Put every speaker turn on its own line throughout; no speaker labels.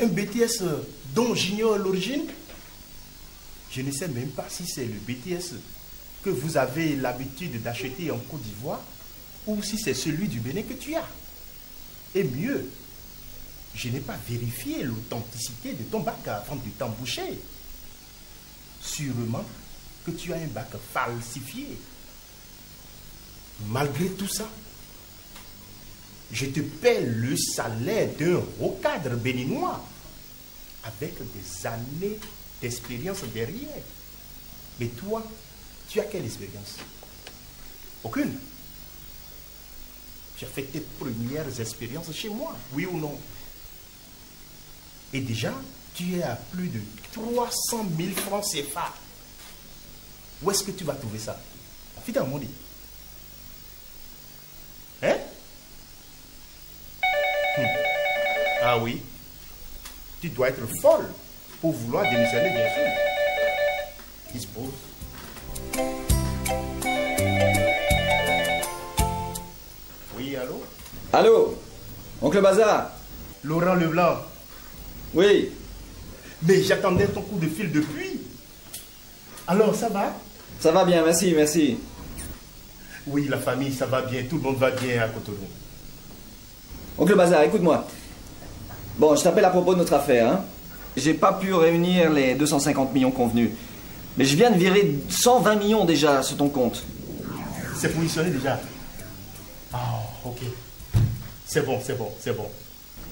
un, BTS dont j'ignore l'origine, je ne sais même pas si c'est le BTS que vous avez l'habitude d'acheter en Côte d'Ivoire ou si c'est celui du Bénin que tu as. Et mieux, je n'ai pas vérifié l'authenticité de ton bac avant de t'emboucher. Sûrement que tu as un bac falsifié. Malgré tout ça, je te paie le salaire d'un cadre béninois avec des années d'expérience derrière. Mais toi, tu as quelle expérience Aucune. J'ai fait tes premières expériences chez moi, oui ou non Et déjà, tu es à plus de 300 000 francs CFA. Où est-ce que tu vas trouver ça mon dit. Hein Hmm. Ah oui, tu dois être folle pour vouloir démissionner, bien sûr.
Qui se pose. Oui, allô Allô Oncle Bazar Laurent Leblanc.
Oui. Mais j'attendais ton coup de fil depuis. Alors, ça va Ça va bien, merci, merci. Oui, la famille, ça va bien,
tout le monde va bien à Cotonou. Oncle Bazar, écoute-moi. Bon, je t'appelle à propos de notre affaire. Hein. J'ai pas pu réunir les 250 millions convenus. Mais je viens de virer 120 millions déjà sur ton compte. C'est positionné déjà.
Ah, ok.
C'est bon, c'est bon, c'est bon.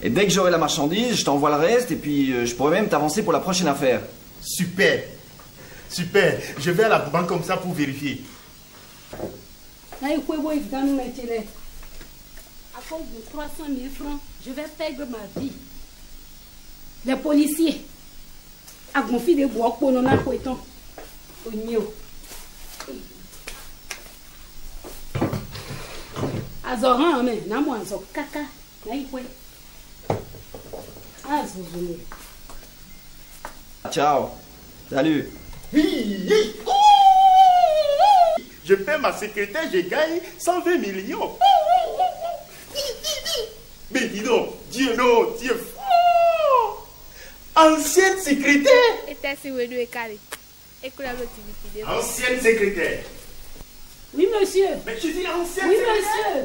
Et dès que j'aurai la marchandise, je t'envoie le reste et puis euh, je pourrai même t'avancer pour la prochaine affaire. Super.
Super. Je vais à la banque comme ça pour vérifier.
300 000 francs, je vais perdre ma vie. Les policiers, à mon des de bois, pour nous mettre au mieux. Azoran, hein, mais, n'a moi, caca. caca, n'a y quoi.
Ciao. Salut. Oh,
oh,
oh. Je fais ma secrétaire, je gagne 120 millions. Mais dis donc, Dieu non, Dieu fou
Ancienne secrétaire Ancienne
secrétaire
Oui, monsieur. Mais tu dis ancienne secrétaire
Oui, monsieur.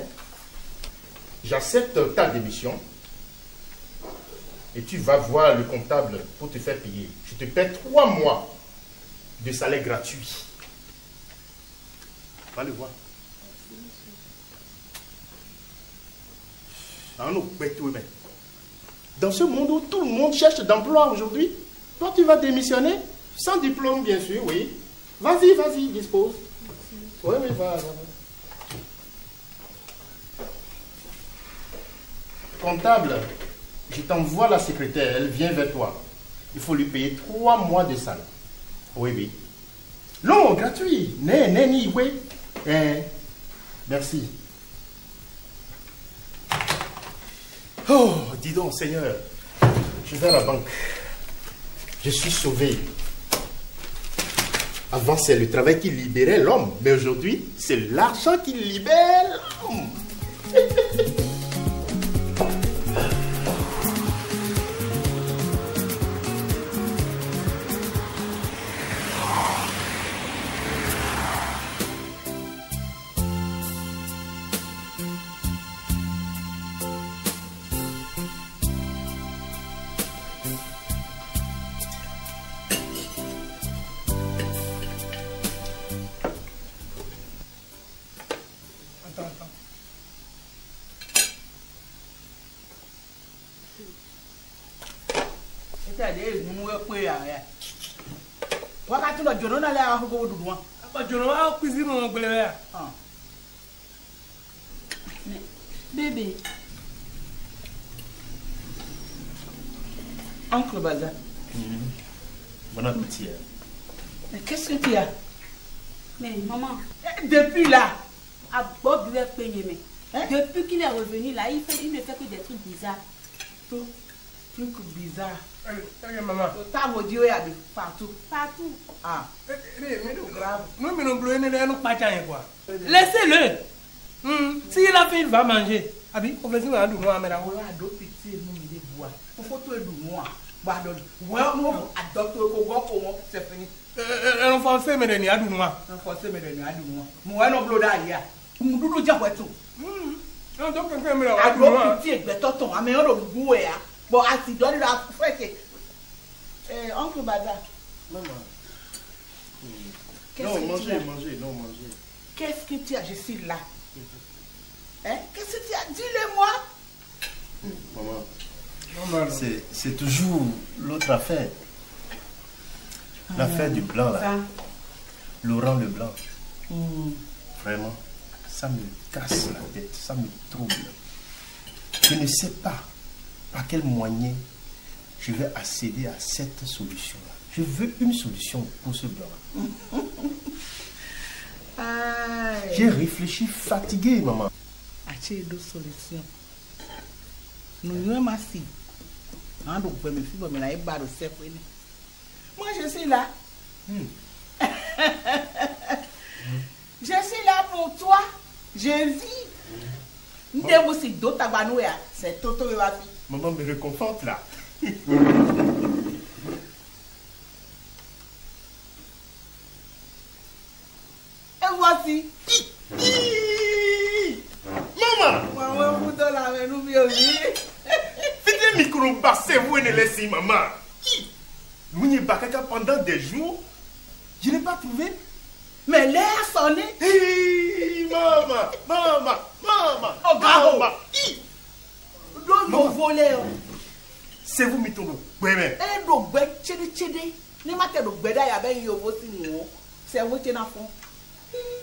J'accepte ta démission et tu vas voir le comptable pour te faire payer. Je te paie trois mois de salaire gratuit. Va le voir. dans ce monde où tout le monde cherche d'emploi aujourd'hui, toi tu vas démissionner, sans diplôme bien sûr, oui. Vas-y, vas-y, dispose. Oui, oui, va. Comptable, je t'envoie la secrétaire, elle vient vers toi. Il faut lui payer trois mois de salaire. Oui, oui. Non, gratuit. Né, ni, oui. Eh, merci. Oh, dis donc, Seigneur, je vais à la banque. Je suis sauvé. Avant, c'est le travail qui libérait l'homme, mais aujourd'hui, c'est l'argent qui libère
l'homme.
de duguma ah.
bébé oncle Baza.
Mm-hmm. Bonne appétit. Mais hein.
eh, qu'est-ce que tu as Mais maman. Eh, depuis là, à ah, Bob lui a mais Depuis qu'il est revenu là, il, fait, il ne fait que des trucs bizarres. look
bizarre. Hey, mama. O tá wo di o yà bi pàtó. Ah. Ere mi no grave. Mo mi no blow ni lẹ́nu pàjá yẹn kwa. Laissez-le. Hmm. Si la fin va manger. Abi, o fẹ́ si wa dùn mọ́ amẹ́ra. O yà dó pitié mi mi lè bu wa. O fọ́ tó dùn mọ́ a. Gba dọ̀ wọ́n mo àdọ́tò ko gbọ́ ko wọn ṣe fini. Ẹran fọ ṣé mi rẹ̀ ní adùn wa. Ẹran fọ ṣé mi rẹ̀ ní adùn wa. Mo wẹ́ nọ blow dá yìí à. Mo dúdú jẹ́ wẹ́tò. Hmm. Ẹran tó kẹ̀kẹ́ mi rẹ̀ wá dùn wa. Àdó pitié gbẹ́tọ̀ tán, àmì ọ̀rọ̀ gbú ẹ̀ yá. Bon, donne-le à eh, Oncle Bada. Maman. non mangez mangez non mangez. qu'est-ce que tu as je suis là. Hein? qu'est-ce que tu as dis-le-moi. maman Maman. c'est toujours l'autre affaire.
Ah. L'affaire du blanc là.
Laurent Leblanc. blanc. Hmm. Vraiment, ça me casse la tête, ça me trouble. Je ne sais pas par quel moyen je vais accéder à cette solution-là Je veux une solution pour ce blanc.
J'ai
réfléchi fatigué, maman. Achille deux solutions. Nous nous sommes assis. Hein, Moi, je suis là. Hmm. je suis là pour toi. Je vis. Hmm. Nous devons aussi d'autres C'est Toto et Wafi. Maman me réconforte là. Et voici. Maman. Maman, vous la avec nous, où Faites micro c'est vous ne laissez maman. Nous n'y bakaka pendant des jours. Je n'ai pas trouvé. Mais l'air sonné. maman, maman, maman. Oh, maman. Don vole yo. Se vous mitun do gbe me. E do gbe chede chede. Ni ma te do gbe da ya be yo wo si ni wo. Se wo te na fun.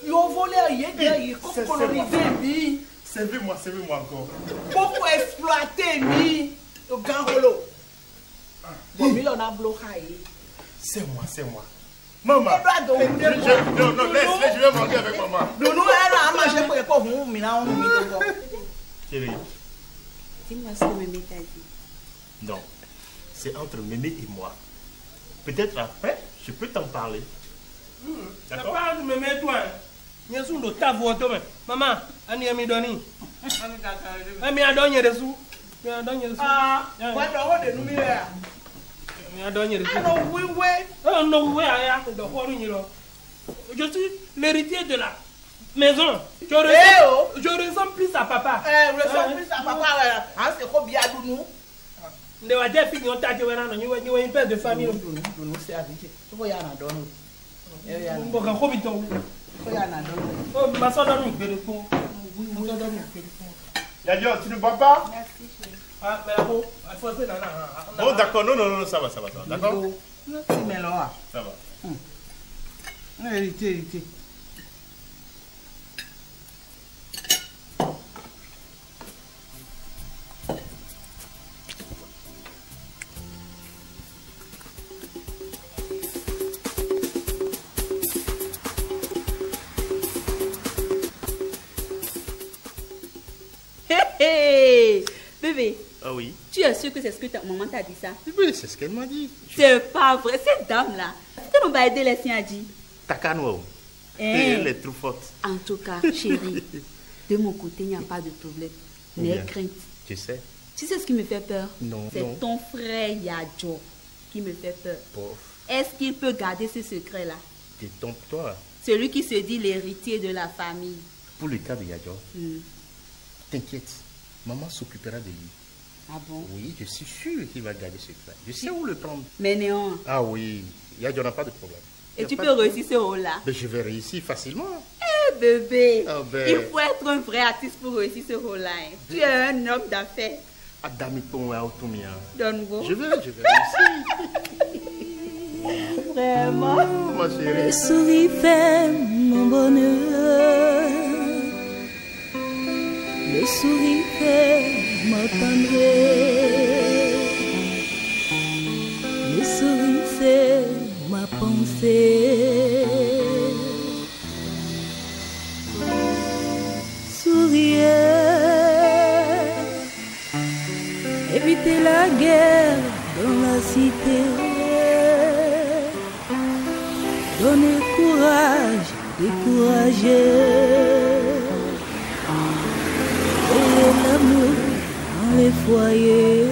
Yo vole ye de yi ko coloriser bi. Servez-moi, servez-moi encore. Beaucoup exploité mi au grand rolo. Bon, il en a bloqué. C'est moi, c'est moi. Maman.
Non, non, laisse, laisse, je vais manger avec maman. Nous, nous,
elle a mangé pour les pauvres, mais là, on nous met
dedans. Non,
c'est entre Mémé et moi. Peut-être après, je peux t'en parler. Hmm. D'accord Mémé, ah, ah, ah, Je suis l'héritier de la maison. Je eh ressemble, oh. je ressemble plus à papa. Eh, ressemble ah, hein. plus à papa. On euh, c'est quoi bien de nous de famille. d'accord, non, non, non, ça va, ça va, d'accord Non, c'est Ça va. Hum.
Ah
tu es sûr que c'est ce que ta maman t'a dit ça Oui, c'est ce qu'elle m'a dit. C'est pas vrai. Cette dame-là, tu nous aider les siens dit. Takano. Eh. Elle est trop forte. En tout cas, chérie, de mon côté, il n'y a pas de problème. Mais crainte. Tu sais. Tu sais ce qui me fait peur
Non. C'est ton
frère Yadjo qui me fait peur. Pauvre. Est-ce qu'il peut garder ce secret-là
Détompe-toi.
Celui qui se dit l'héritier de la famille.
Pour le cas de Yadjo, hmm. t'inquiète, maman s'occupera de lui. Ah bon Oui, je suis sûr qu'il va garder ce plat. Je sais où le prendre. Mais non. Ah oui, il n'y en a pas de problème.
Et tu peux réussir ce rôle-là
Mais je vais réussir facilement. Eh bébé, ah, ben. il faut
être un vrai artiste pour réussir ce rôle-là. Hein. Tu ben. es un homme d'affaires.
Adamiton Autumia. Donne-moi. Je vais, je veux.
réussir.
Vraiment. chérie. Le
sourire fait mon bonheur le sourire m'attendrait.
Le sourire ma pensée.
Souriez, évitez la guerre
dans la cité. Donnez courage, et courage mes foyers.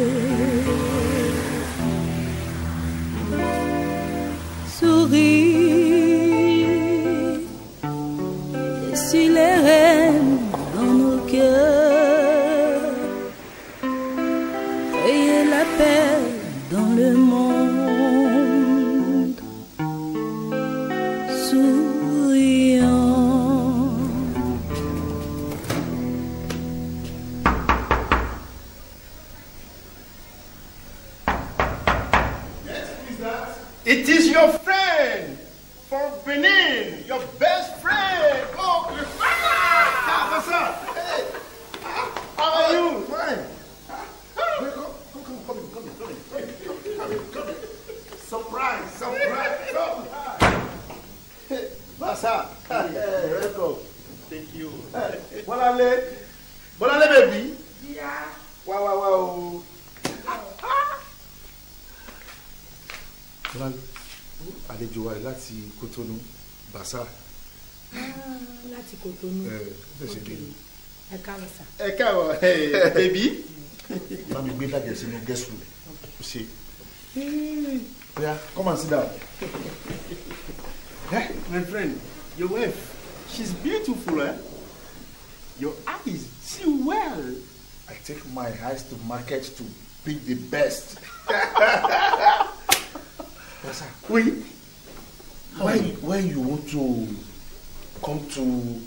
Souris.
bọ́lálé bọ́lálé bèbí wá wá wá o. bọ́lálé àlejò wa láti Kotonu basa. Ah, láti Kotonu eh, ẹ káàbọ̀ sà. ẹ káàbọ̀ eh, bèbí. bá mi gbé lájẹ sínú gẹ́sù ṣe.
Hmm.
Yeah, come and sit down. eh, my friend, your wife, she's beautiful, eh? Your eyes see well. I take my eyes to market to pick the best. but sir, when, when you want to come to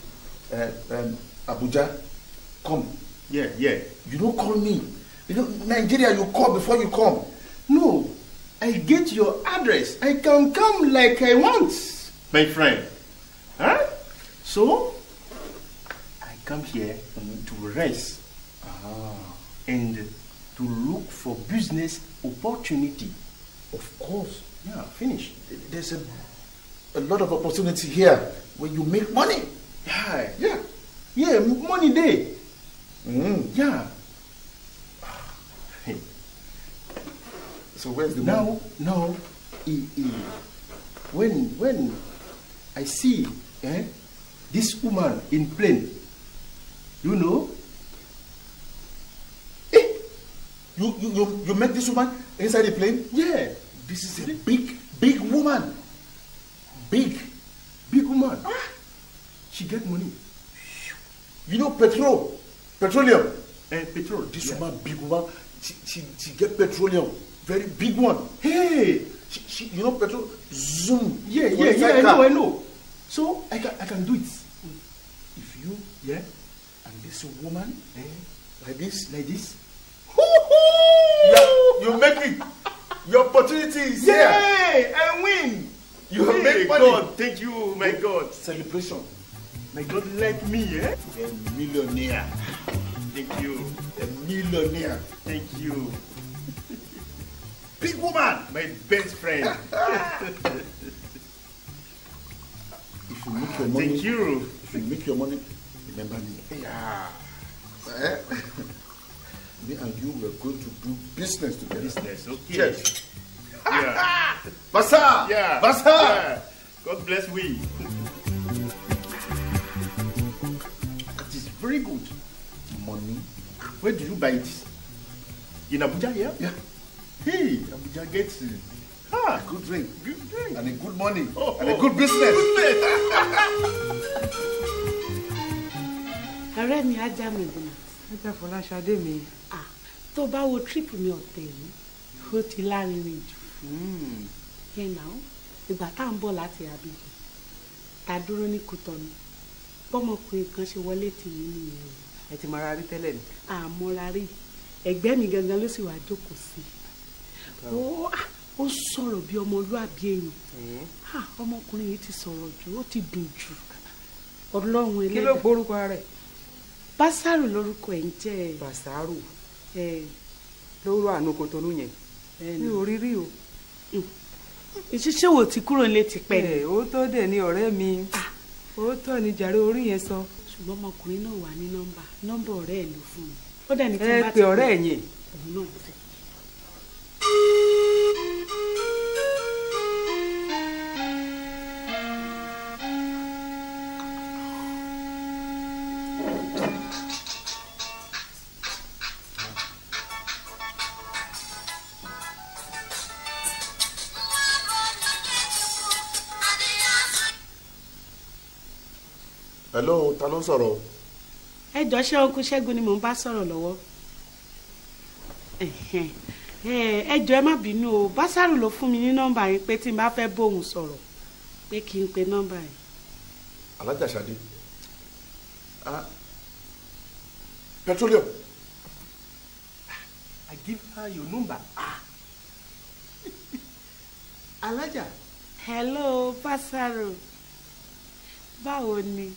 uh, um, Abuja, come. Yeah, yeah. You don't call me. You know, Nigeria, you call before you come. No, I get your address. I can come like I want. My friend. Huh? So, come here mm. to rest ah. and to look for business opportunity. Of course. Yeah, finish. There's a, a lot of opportunity here where you make money. Yeah. Yeah. Yeah, money day. Mm. Yeah. So where's the now, money? Now, e, e. when when I see eh, this woman in plane you know, hey, eh, you, you, you, you met this woman inside the plane? Yeah, this is a big, big woman. Big, big woman. Ah. she get money. You know petrol, petroleum, eh, petrol. This woman, big woman, she, she, she get petroleum, very big one. Hey, she, she, you know petrol, zoom. Yeah, yeah, yeah, I know, I know. So I can, I can do it. If
you, yeah, this
woman eh, like this like this. you, you make it your opportunity is Yay, here. and win. You hey, make money. God, thank you, my God. Celebration. My God like me, eh? A millionaire. Thank you. A millionaire. Thank you. Big woman, my best friend. if you make your money, thank you. If you make your money. remember me. Yeah. Eh? me and you were going to do business together. Business, okay. Yes. Yeah. Basa! Yeah. Basa! Yeah. God bless we. It is very good. Money. Where do you buy this? In Abuja, yeah? Yeah. Hey, Abuja gets it. Ah, good drink. Good drink. And a good money. Oh, and oh. a good business. Good business. ọ̀rẹ́ mi ajá mi dùnà. ajá Fọláṣadé mi. tó bá wo tírípù mi ọ̀tẹ̀ yìí ó ti lárinrin jù. Hmm. ẹ nà ó ìgbà tá à ń bọ̀ láti Abidjan ta dúró ní Kútọ́nù bọ́mọkùnrin kan ṣe wọlé tì mí nìyẹn. ẹ ti mọra rí tẹ́lẹ̀ ni. àmọ́ra rí ẹ̀gbẹ́ mi gangan ló sì wá jókòó sí i ó sọ̀rọ̀ bí ọmọlúàbí èèyàn ọmọkùnrin yìí ti sọ̀rọ̀ jù ó ti dùn jù ọlọ́run ẹlẹ́dàá. kí ló gborúkọ rẹ̀. Básárù lórúkọ ẹ̀ ń jẹ́. Básárù lóró àánú Kotonu yẹn mi ò rí rí o. ìṣiṣẹ́ mm. wo ti kúrò nílé ti pẹ́. ó tọ́ dẹ̀ ni
ọ̀rẹ́ mi ó tọ́ ni jàre orí yẹn sọ. ṣùgbọ́n ọmọkùnrin náà wà ní nọ́mbà nọ́mbà
ọ̀rẹ́ ẹ̀ ló fún mi.
ó dẹ̀ ní kí n bá ti pè ọ̀rẹ́ ẹ̀ yẹn. òun náà fẹ́. ló ń sọ̀rọ̀ o. ẹ jọ ṣé ọkú
ṣẹ́gun ni mò ń bá sọ̀rọ̀ lọ́wọ́ ẹ jọ ẹ má bínú o básàrù ló fún mi ní nọ́mbà yẹn pé tí n bá fẹ́ bóun sọ̀rọ̀ pé kí n pe nọ́mbà yẹn. alájà sade ah petroleum i give her your number ah alájà. hello básàrù báwo ni.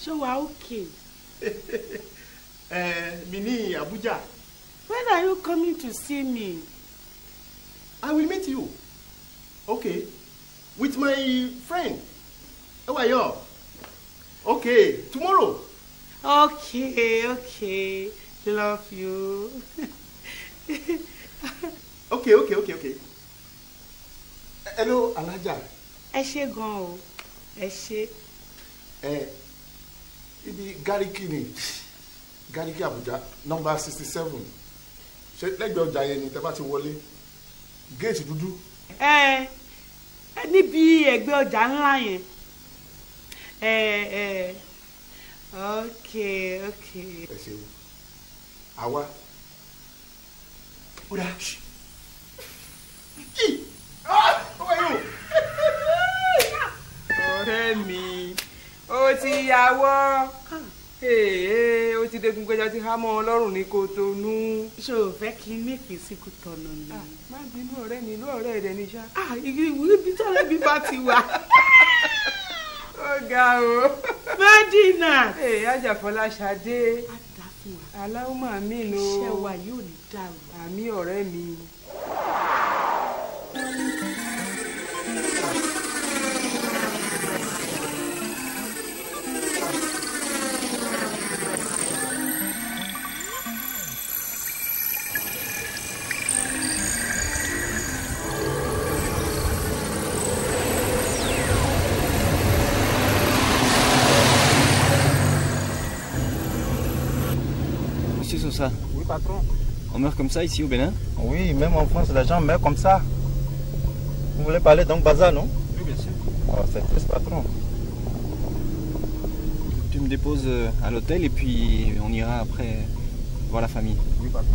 So how okay. Eh, mi ní Abuja. When are you coming to see me? I will meet you. Okay. With my friend. How are you? Okay. Tomorrow. Okay, okay. Love you. okay, okay, okay, okay. Hello, Alaja.
Is she gone?
Eh, Is she?
ibi gariki ni gariki abuja nọmba sixty seven ṣe lẹ́gbẹ̀ẹ́ ọjà yẹn ni tẹ́ bá ti wọlé géètì dúdú. ẹ ẹ níbi ẹ̀gbẹ́ ọjà ńlá yẹn ẹ ẹ ok ok. ẹ ṣeun àwa ó dáa ah, ọ̀rẹ́ mi ó ti yàwọ́ ó ti dégun gbẹjọ ti há mọ́ ọ lọ́rùn ní Kòtónú. ṣé o fẹ́ kí n mèkì sí Kòtónú ni. Ah, má bínú ọ̀rẹ́ mi ìlú ọ̀rẹ́ rẹ ní sá. igi ah, ìwúrí bí tọ́lẹ́ bí bá ti wà. ó ga o. Mádínà. ee ajàfọlá ṣadé. a dà fún wa. aláwọ̀ máa mí lo. iṣẹ́ wa yóò ní dàrú. àmì ọ̀rẹ́ mi.
ça Oui, patron. On meurt comme ça ici au Bénin Oui, même en
France, les gens meurent comme ça. Vous voulez parler donc bazar non Oui, bien sûr. Ah, c'est
triste, patron. Tu me déposes euh, à l'hôtel et puis on ira après voir la famille. Oui, patron.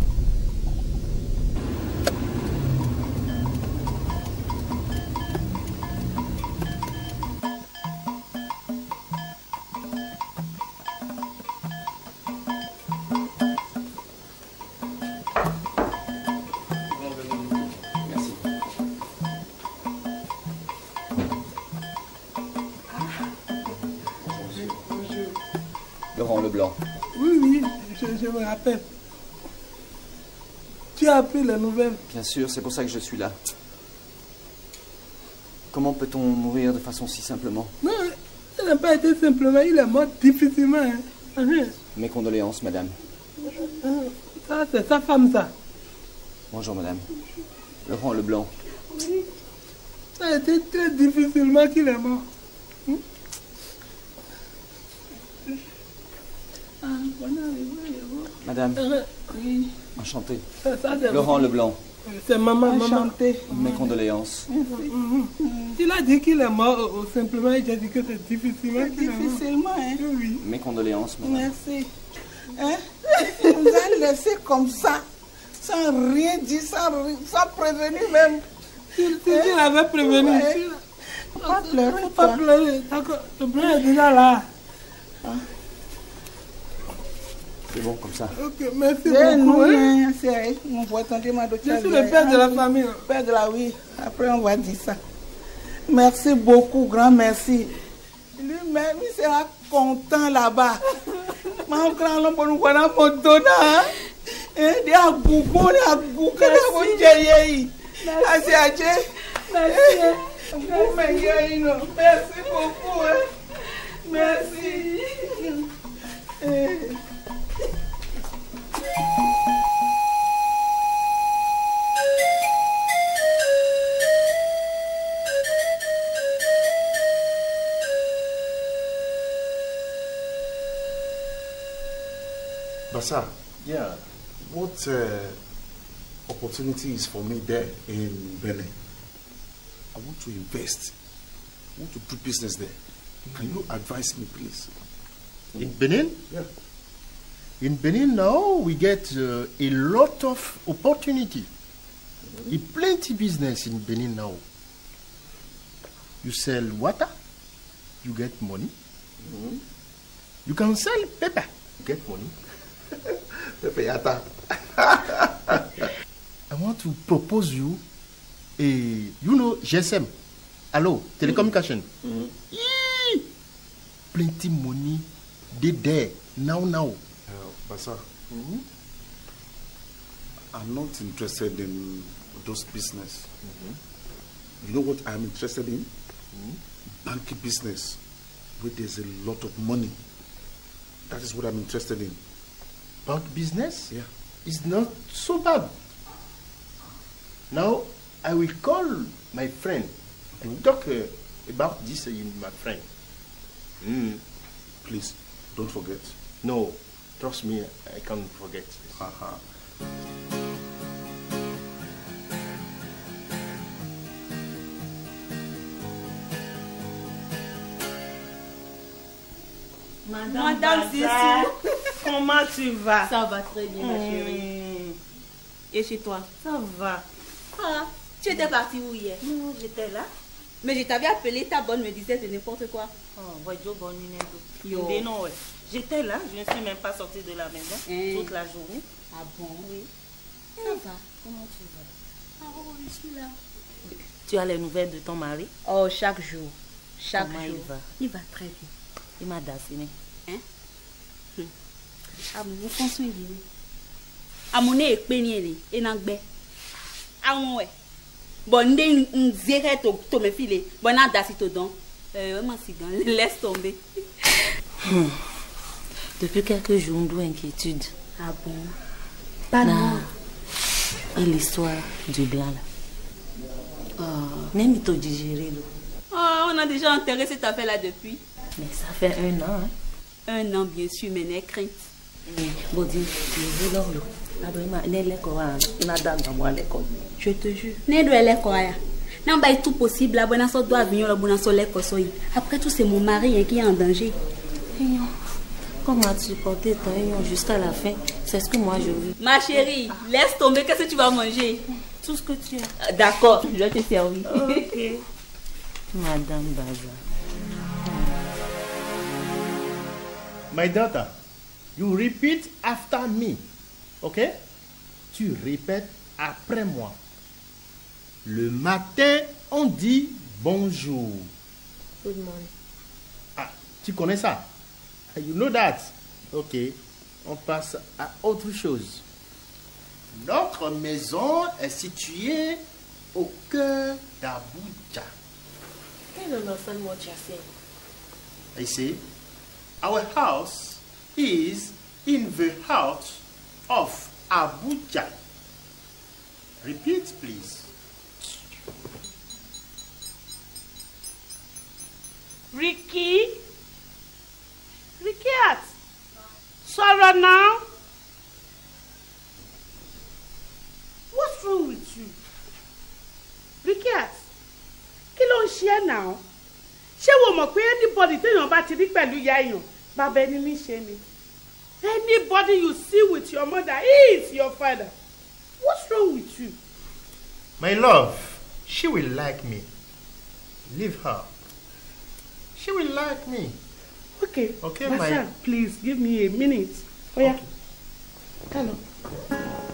la nouvelle. Bien
sûr, c'est pour ça que je suis là. Comment peut-on mourir de façon si
simplement
Non, ça n'a pas été simplement. Il est mort difficilement. Hein. Ah,
Mes condoléances, madame.
Ah,
ça, c'est sa femme, ça.
Bonjour, madame. le Leblanc.
Ça a été très difficilement qu'il est mort.
Hmm? Madame. Euh, oui.
Enchanté.
Laurent Leblanc.
C'est
maman, maman. Mes condoléances.
Tu l'as dit qu'il est mort euh, simplement
il a dit que c'est difficilement. difficilement, hein?
Mes condoléances,
Merci. Hein? Vous nous a laissé comme ça, sans rien dire, sans, prévenir même. Tu, tu, prévenu. Pas pleurer, pas pleurer. Le plan est déjà là. Ah. C'est bon comme ça. Ok, merci eh, beaucoup. Hein. hein. c'est on voit sentiment de Je suis le père de la famille. Le Père de la oui. Après, on va dire ça. Merci beaucoup, grand merci. Lui-même, il sera content là-bas. Mon grand l'homme, on voit dans mon donnant. Hein. Il eh, y a Bougon, il y a Bougon, il y a
Merci. Merci. Ah, merci.
Eh. Merci
beaucoup. Hein. Merci.
Merci. Basa, yeah. What uh, opportunities for me there in Benin? I want to invest. I want to put business there. Mm -hmm. Can you advise me, please? In Benin? Yeah. In Benin now, we get uh, a lot of opportunity. Mm -hmm. plenty business in Benin now. You sell water, you get money. Mm -hmm. You can sell paper, get money. yata. I want to propose you a, you know, GSM. Hello, telecommunication.
Mm
-hmm.
Plenty money, they there, now, now. Basa, mm -hmm. I'm not interested in those business. Mm -hmm. You know what I'm interested in? Mm -hmm. Banking business, where there's a lot of money. That is what I'm interested in. Bank business? Yeah. It's not so bad. Now, I will call my friend and mm-hmm. talk uh, about this, uh, my friend. Mm. Please, don't forget. No, Trust me, I can't forget this. Uh -huh.
Madame, Madame comment
tu vas Ça va très bien, ma hmm. chérie. Et chez toi Ça va. Ah, tu étais partie où hier Non, j'étais là. Mais je t'avais appelé, ta bonne me disait de n'importe quoi. Oh, voyons, bonne minute. Yo. Yo. J'étais là, je ne suis même pas sortie de la maison eh. toute la journée. Ah bon Oui. Eh. Ça va Comment tu vas Ah oh, je suis là. Tu as les nouvelles de ton mari Oh, chaque jour. Chaque Comment jour. il va Il va très bien. Il m'a dassiné. Hein Ah, Ah, mon nez est peigné, et Ah, Bon, nde nzere to, tu me file. Bon, n'a dassi tout don. Euh, vraiment, si laisse tomber. Depuis quelques jours, on doit inquiétude. Ah bon Pas Et l'histoire du blanc oh. Même il digéré Oh, on a déjà enterré cette affaire-là depuis. Mais ça fait un an. Hein. Un an, bien sûr, mais n'est crainte. Je te jure. Hein. Bah, tout possible. La bonne doit venir, la bonne Après tout, c'est mon mari hein, qui est en danger. Comment tu portes ton hein, jusqu'à la fin C'est ce que moi je veux. Ma chérie, laisse tomber. Qu'est-ce que tu vas manger Tout ce que tu as. Euh, d'accord, je vais te servir. Ok. Madame Baza.
My daughter, you repeat after me. Ok Tu répètes après moi. Le matin, on dit bonjour. Good morning. Ah, tu connais ça You know that. okay. on passe à autre chose. Notre maison est située au cœur d'Abuja.
I don't understand what you're saying.
I see. Our house is in the heart of Abuja. Repeat, please.
Ricky?
Zikiat sorrow now. What's wrong with you? Zikiat Kill on share now. ẹ́ náà? Ṣé wo mọ̀ pé anybody téèyàn bá ti rí pẹ̀lú ìyá èèyàn bàbá ẹni ní ṣe ni? Anybody you see with your mother is your father. What's wrong with you? My love, she will like me. Leave her. She will like me. okay. Okay, Master, my... please give me a minute. Oh, yeah. Okay. Hello.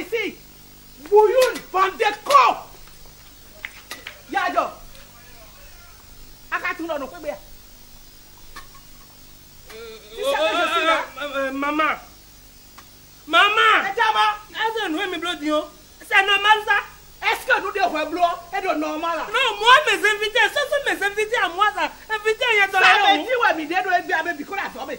polisie Bouyoun Van de Koop yaa jọ akatun lọnu pẹgbẹ. mama mama. ẹ e jẹ́ ma. ẹ sẹ́ nu èmi bolo di o sẹ́ nu ma sa. Est-ce que nous devons e bleu et normal là Non, moi mes invités, ce sont mes invités à moi ça. Invités, il y a dans la Ça me dit ouais, mais des deux et bien, mais puis qu'on a tombé.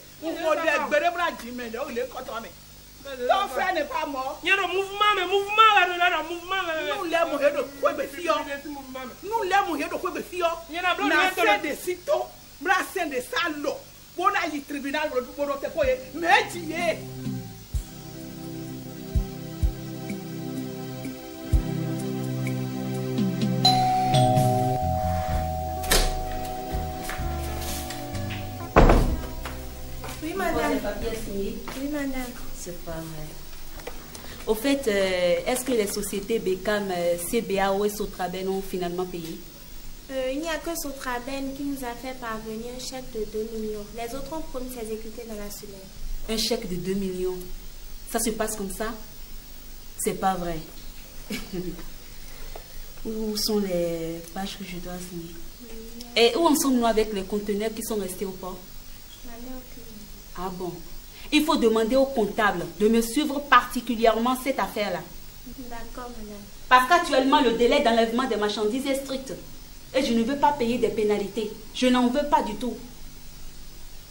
mo dẹ gbẹdẹ bọra jì mẹ lẹ o lè kọtọ mẹ tó fẹ ní pa mọ. yẹrọ mufuma mẹ mufuma wẹrẹ lọrọ mufuma wẹrẹ. n'u lẹ mun yẹrẹ kó gbè fiyọ n'u lẹ mun yẹrẹ kó gbè fiyọ. ɲɛna bulon n'a sɛn de si to n'a sɛn de s'a lọ bó n'a yi tribunal wolo dukoro tɛ k'o ye mɛ jì ye.
papier signé Oui, madame. C'est pas vrai. Au fait, euh, est-ce que les sociétés Becam, euh, CBA ou Sotraben ont finalement payé euh, Il n'y a que Sotraben qui nous a fait parvenir un chèque de 2 millions. Les autres ont promis
s'exécuter dans la semaine.
Un chèque de 2 millions Ça se passe comme ça C'est pas vrai. où sont les pages que je dois signer Et où en sommes-nous avec les conteneurs qui sont restés au port ah bon Il faut demander au comptable de me suivre particulièrement cette affaire-là. D'accord, madame. Parce qu'actuellement, le délai d'enlèvement des marchandises est strict. Et je ne veux pas payer des pénalités. Je n'en veux pas du tout.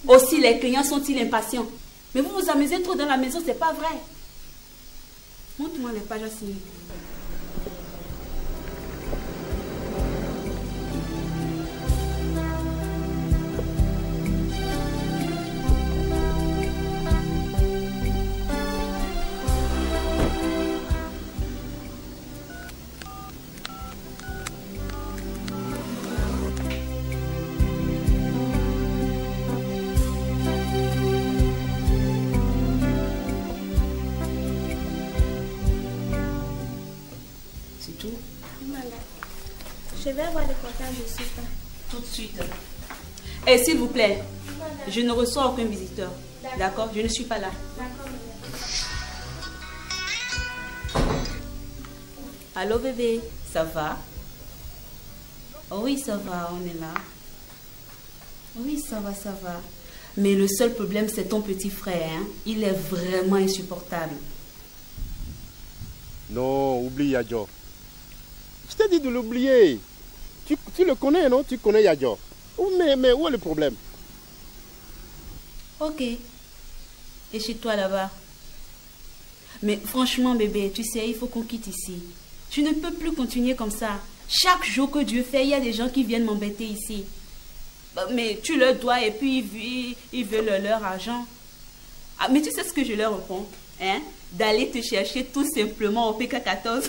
Aussi, les clients sont-ils impatients Mais vous vous amusez trop dans la maison, c'est pas vrai. Montre-moi les pages à tout. Je vais avoir le de Tout de suite. Et eh, s'il vous plaît, je ne reçois aucun visiteur. D'accord Je ne suis pas là. Allô bébé, ça va Oui, ça va, on est là. Oui, ça va, ça va. Mais le seul problème, c'est ton petit frère. Hein. Il est vraiment insupportable.
Non, oublie Yadjo dit de
l'oublier.
Tu, le connais, non Tu connais Yadjo. Mais, mais où est le problème
Ok. Et chez toi là-bas Mais franchement, bébé, tu sais, il faut qu'on quitte ici. Tu ne peux plus continuer comme ça. Chaque jour que Dieu fait, il y a des gens qui viennent m'embêter ici. Bah, mais tu leur dois et puis ils, ils veulent leur argent. Ah, mais tu sais ce que je leur réponds hein? D'aller te chercher tout simplement au PK14.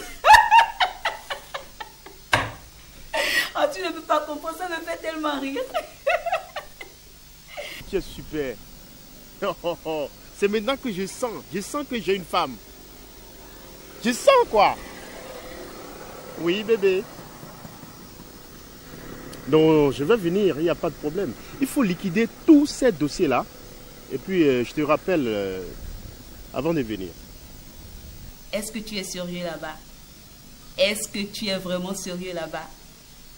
Ah, tu ne peux pas comprendre, ça me fait tellement rire. tu es super.
C'est maintenant que je sens. Je sens que j'ai une femme. Je sens quoi Oui, bébé. Donc, je vais venir, il n'y a pas de problème. Il faut liquider tous ces dossiers-là. Et puis, euh, je te rappelle euh, avant de venir.
Est-ce que tu es sérieux là-bas Est-ce que tu es vraiment sérieux là-bas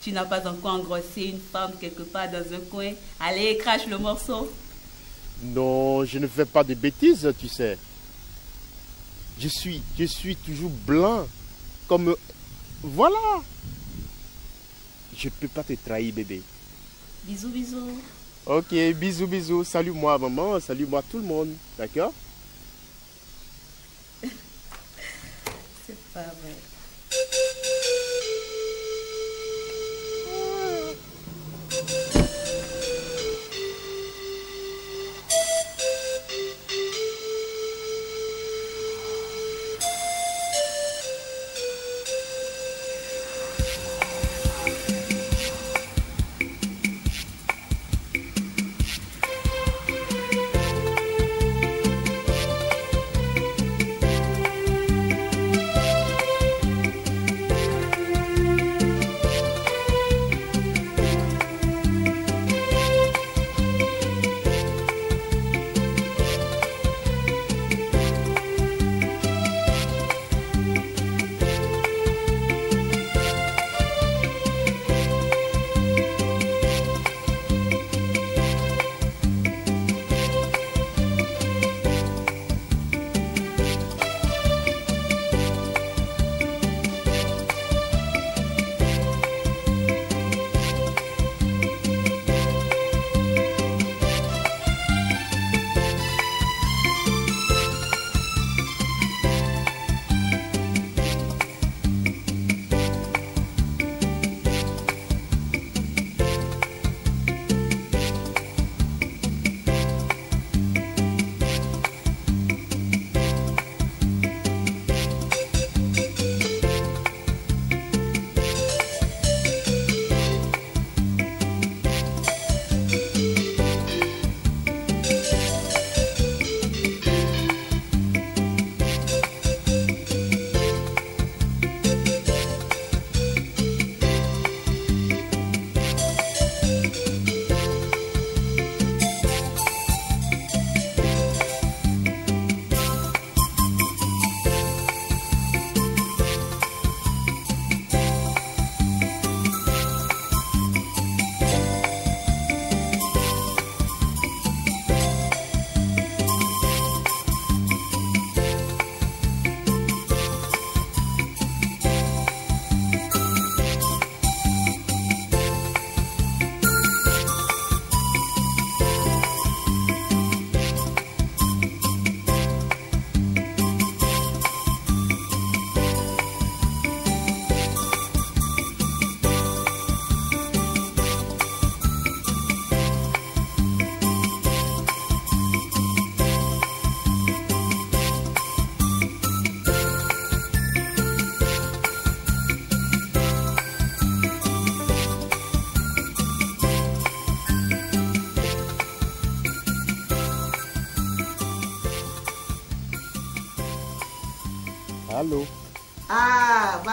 tu n'as pas encore engrossé une femme quelque part dans un coin. Allez, crache le morceau.
Non, je ne fais pas de bêtises, tu sais. Je suis, je suis toujours blanc. Comme... Voilà. Je ne peux pas te trahir, bébé.
Bisous, bisous.
Ok, bisous, bisous. Salut-moi, maman. Salut-moi, tout le monde. D'accord
C'est pas vrai.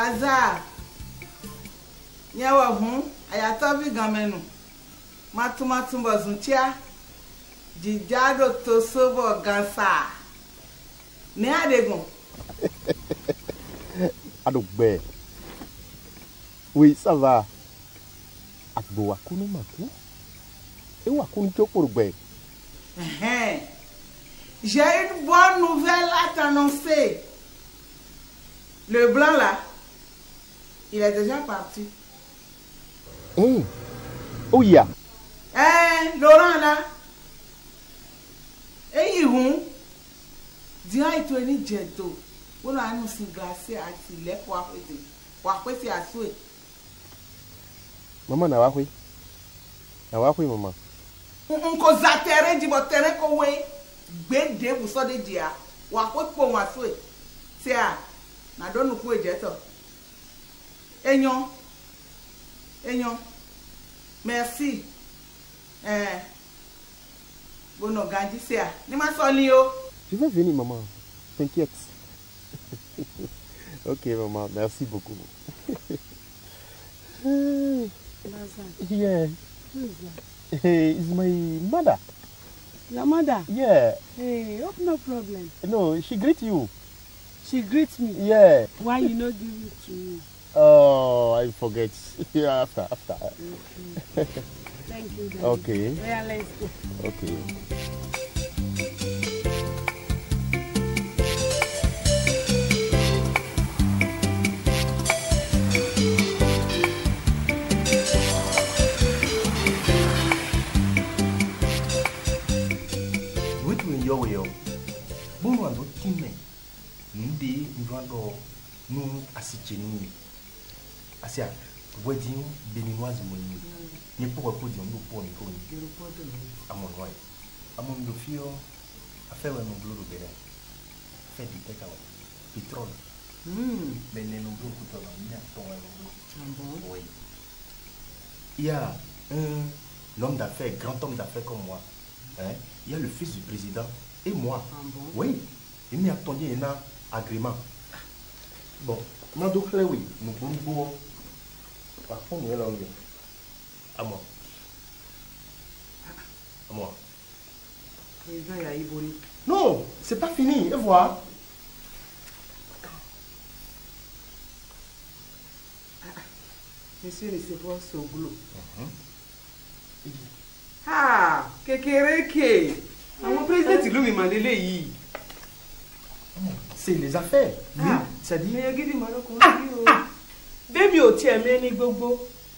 mazaa nyewe ʋu ayatɔvi gamenu matumatubɔ zutia dzidza ɖo tosobɔ gansa ne aɖegun. aɖo gbɛ wei sava agbowa kunu ma ku ewa kunu tso kporo gbɛ. j'ai une bonne nouvelle à t'annoncer le blanc là. Il est déjà parti.
Hé, où oh, y a
Eh Laurent là. Eh où? Èyí hun. Dira ito ẹni jẹ̀dọ̀. Wọ́n lọ àánú sí gàṣẹ́ àti ìlẹ́kọ̀ọ́ àpètè. Wà pèsè àṣọ ẹ̀. Mama na wakwe. Na wakwe mama. Nko za tere jibo tere kowe. Gbede busode jia. Wà pèpò wọn àṣọ ẹ̀. Tí a, nà dọ́nù kú èjẹ́ tọ̀. Aignan. Aignan. Merci. Eh. Bono Gandisia. Ah. Nima Solio. Tu vais venir, maman. T'inquiète. ok, maman. Merci beaucoup. yeah. Hey, it's my mother. Your mother? Yeah. Hey, oh, no problem. No, she greet you. She greets me? Yeah. Why you not give it to me? Oh, I forget. Yeah, after, after.
Thank
you. Daddy. Okay. Yeah, let's go. Okay. yoyo bonwa no time ndi ndwando nu o s i c h e n i asia wedding béninoise moni ye pourquoi ko jom lu pon ko ni amon way amon do fio
affaire wa mon bluru bere fait du teka pétrole hmm ben ne no bluru to na ni to wa no oui
il y a un l'homme d'affaires grand homme d'affaires comme moi hein il y a le fils du président et moi ah oui il m'y attendait un agrément bon Madou Cléoui, nous bon pas fond de langue. À moi. À moi. Les il y a Non, c'est pas fini. Et voir. Ah, ah. Monsieur, laissez voir ce boulot.
Ah, kékéréké. À ah, mon
président, il l'a mis m'a dit C'est les affaires. Ah, ça dit. Mais il y a des malocons. Ah, ah. Oh. bébì ò tiẹ̀ mé ní gbogbo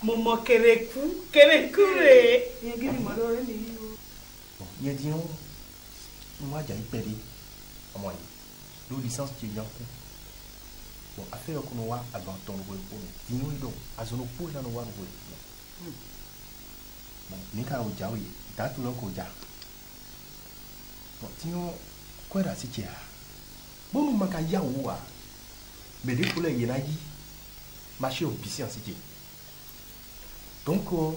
mo mọ kèrèkú kèrèkú rèé. ìyẹn gidi mọ lórí mi yìí o. ìyẹn ti ń wọ mo ajá yìí pẹ̀lẹ́ ọmọ yìí lórí sáǹsì tí ìyá kú bọ̀ afẹ́ ọkùnrin wa àgbà tọ̀ ní wọ̀nyí omi tí yóò dọ̀ azọ̀nù kú ìlànà wa ní wọ̀nyí lọ. bọ̀ níka ọjà òye ìtàtù lọ́kọ̀ ọjà bọ̀ tí yóò kọ́ ẹ̀dá sí tiẹ̀ bọ́ọ̀mù máa ka yá òwò wa mẹ̀lẹ́kùlẹ̀ yẹn náà yìí. marcher au Donc, oh,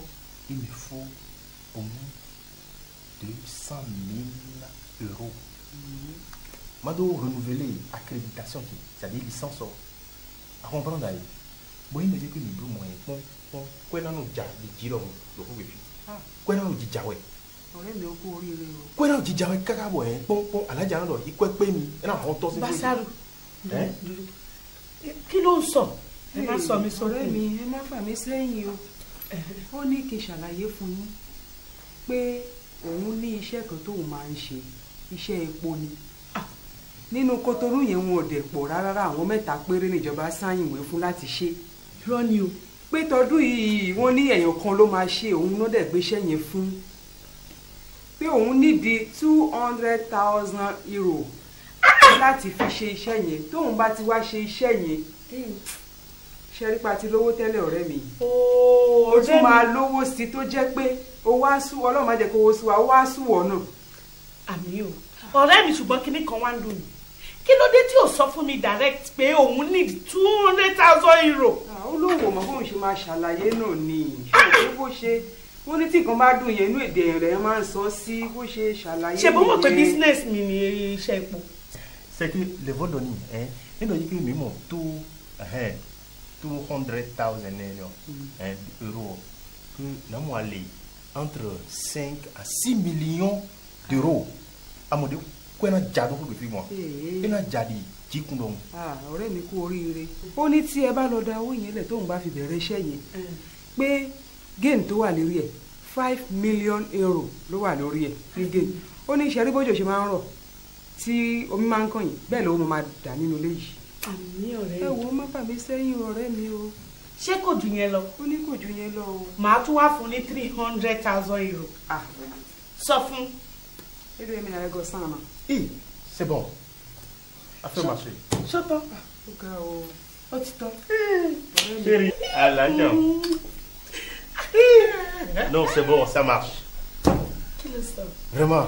il me faut au moins 200 000 euros.
Je
mhm. dois renouveler l'accréditation, c'est-à-dire licence. Oh. À comprendre d'ailleurs. il me dit que bon, bon, dit jar, ce Qu'est-ce dit quest hein? Quoi on
ẹ má sọ mi sókè. ọ̀rẹ́ mi
ẹ má fà mí sẹ́yìn o ó ní kí n ṣàlàyé fún yín pé òun ní iṣẹ́ kan tóun máa ń ṣe iṣẹ́ epo ni ah, nínú kótorú yẹn wọn ò dẹ̀ pọ̀ rárá àwọn mẹ́ta péré níjọba sáyìn ìwé fún láti ṣe. irọ́ ni o. pé tọdún yìí wọ́n ní èèyàn kan ló máa ṣe òun ló dẹ̀ gbéṣẹ́ yẹn fún pé òun nídìí two hundred thousand euro láti fi ṣe iṣẹ́ yẹn tóun bá ti wá ṣe iṣẹ́ yẹn ṣẹ́rípa ti lówó tẹ́lẹ̀ ọ̀rẹ́ mi.
ó tún máa
lówó sí tó jẹ́ pé ó wá sú ọlọ́run má jẹ́ kó owó sú wa ó wá sú náà. àmì o ọ̀rẹ́ mi ṣùgbọ́n kinní kan wá ń dùn mí kí ló dé tí o sọ fún mi direct pé òun need two hundred thousand euro. Ah, ó lóun mọ̀ bóun ṣe máa ṣàlàyé náà ni ṣé bó ṣe wọ́n ní tí nǹkan bá dùn yẹn inú èdè rẹ̀ máa ń sọ sí bó ṣe ṣàlàyé. ṣe bó mọ̀ pé business mi ni iṣẹ́ epo. ṣé kí lè fọ́dọ̀ ni ẹ eh? nínú yìí kí mi mọ̀ tó eh, 200,000 mm. eh, mm. millions d'euros que nous allons entre 5 à 6 millions d'euros. Amode, kó ẹ̀nà que kó lè fi mọ̀ ẹ̀nà jáde jí kun lọ́hùn. ọ̀rẹ́ mi kú oríire ó ní tí ẹ e bá lọ da owó yẹn lẹ̀ tóun bá fi bẹ̀rẹ̀ iṣẹ́ yẹn pé géèmù tó wà lórí ẹ̀ five million euro ló wà lórí ẹ̀ ní géèmù ó ní ìṣẹ́rí ṣe máa ń rọ̀ tí omi máa ń kàn yín bẹ́ẹ̀ lówó mo máa dà nínú ilé àmì ọ̀rẹ́ ẹ o. ṣé kò jù yẹn lọ. ó ní o. màá tún wá fún ní three hundred thousand euro. Ah. sọ fún. ebi ah, o
ó ti tọ. Não,
alájà non c'est bon ça marche. kí vraiment.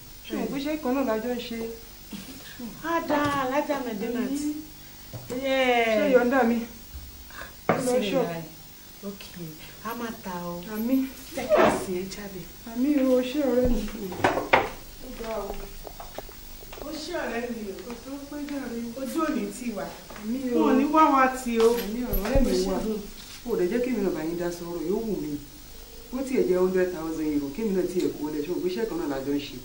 ṣé òun fúnṣẹ́ kan náà lájọ ń ṣe. á ah, da alájà mẹdínàt.
ṣé yọ̀ǹda mi. lọ ṣọ.
a máa ta ọ. àmì. tẹ́kẹ̀ sí ẹ jáde. àmì o ṣé ọ̀rẹ́ mi. ó ga o ó ṣé ọ̀rẹ́ mi o kò tó pé jàre ojú òní ti wà. àmì o wọn ò ní wá wa ti o. àmì ọ̀rẹ́ mi wà kó o lè jẹ́ kí mi náà bá yín dá sọ̀rọ̀ yóò wù mí bó tiẹ̀ jẹ́ hundred thousand euro kí mi náà tiẹ̀ kó o lè ṣe òkú iṣẹ́ kan náà lájọ ń ṣe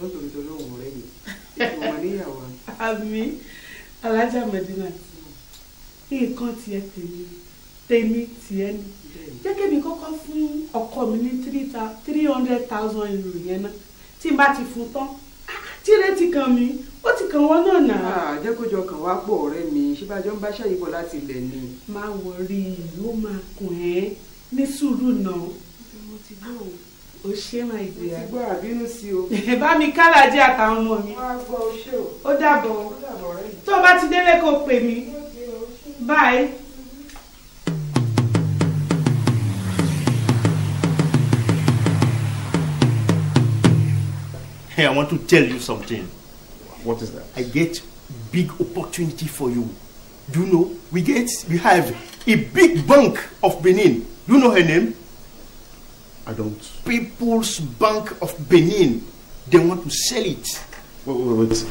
jọ nítorí tó lóhùn ọ̀rẹ́ mi ọmọ níyàwó. àmì alájà Medina nǹkan tiẹ̀ tèmi tèmi tiẹ̀ ni jẹ́ kébi kọ́kọ́ fún ọkọ mi ní three hundred thousand euro yẹn náà tí n bá ti fún tán tí ìrètí kan mi ó ti kàn wọ́n náà nà. jẹ́ kó jọ kàn wá pọ̀ ọ̀rẹ́ mi ṣíbàjọ́ ń bá ṣàyíbọ láti ilẹ̀ ni. má wọrí ó máa kùn ẹ́ ní sùúrù náà.
mo ti gbọ́ òun
o ṣé máa ìgbé ya. mo ti gbọ́
àbínú sí o.
bá mi kálá jẹ́ àtàwọn ọmọ mi.
wọ́n á gbọ́ o ṣé o. ó dàbọ̀ o.
tó o bá ti délé kó o pè mí. báyìí. Hey, I want to tell you something. What is that? I get big opportunity for you. Do you know? We get we have a big bank of Benin. Do you know her name? I don't. People's Bank of Benin. They want to sell it. Wait, wait, wait.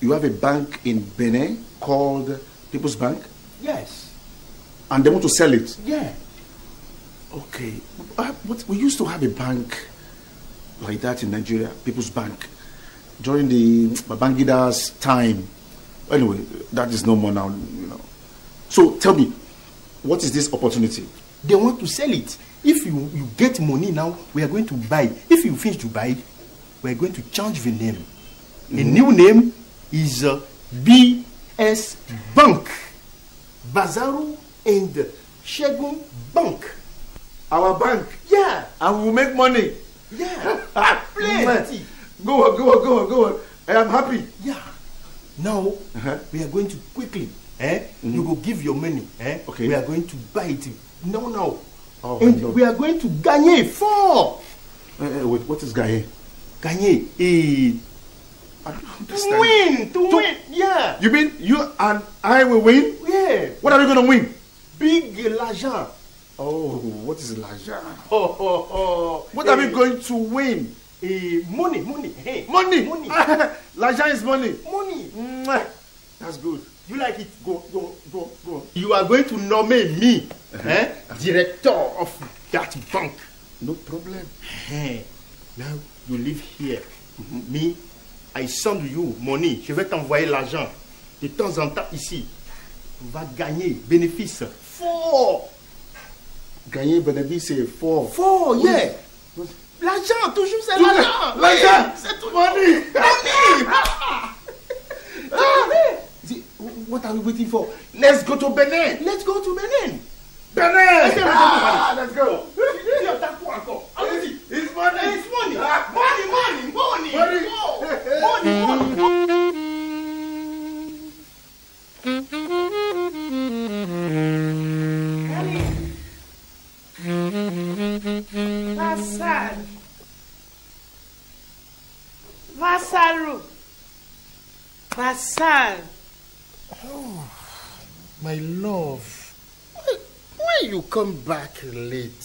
You have a bank in Benin called People's Bank? Yes. And they want to sell it? Yeah. Okay. Uh, but we used to have a bank like that in Nigeria, People's Bank, during the Babangida's time. Anyway, that is no more now, you know. So tell me, what is this opportunity? They want to sell it. If you, you get money now, we are going to buy. If you finish to buy, we are going to change the name. Mm. Mm-hmm. A new name is uh, BS Bank. Bazaru and Shegun Bank. Our bank? Yeah. And we'll make money. Yeah. Ah, Plenty. Go on, go on, go on, go on. I am happy. Yeah. Now, uh -huh. we are going to quickly, eh? Mm -hmm. You mm-hmm. go give your money, eh? Okay. We are going to buy it. No, no. Oh, and we are going to Ganye four. Uh, wait, what is Ganye? Ganye, e. a. To win, to, to win, yeah. You mean you and I will win? Yeah. What are we oh, eh. going to win? Big l'argent. Oh, what is l'argent? Oh, oh, oh. What hey. are we going to win? Hey, money, money, hey. Money, money. l'argent is money. Money. That's good. You like it? Go, go, go, go. You are going to nominate me uh eh, director of that bank. No problem. now you live here. Mm-hmm. Me, I send you money. Je vais t'envoyer l'argent. De temps en temps ici, On va gagner bénéfice fort. Gagner bénéfice fort. Fort, yeah. L'argent, toujours c'est l'argent. L'argent, c'est tout. Money. Money. ah. What are we waiting for? Let's go to Benin. Let's go to Benin. Benin! Ah, let's go. it's money. It's money. Ah, money, money, money.
Money, money. money. Vassal.
Vassaru. Vassal. Oh, my love, why, you come back late?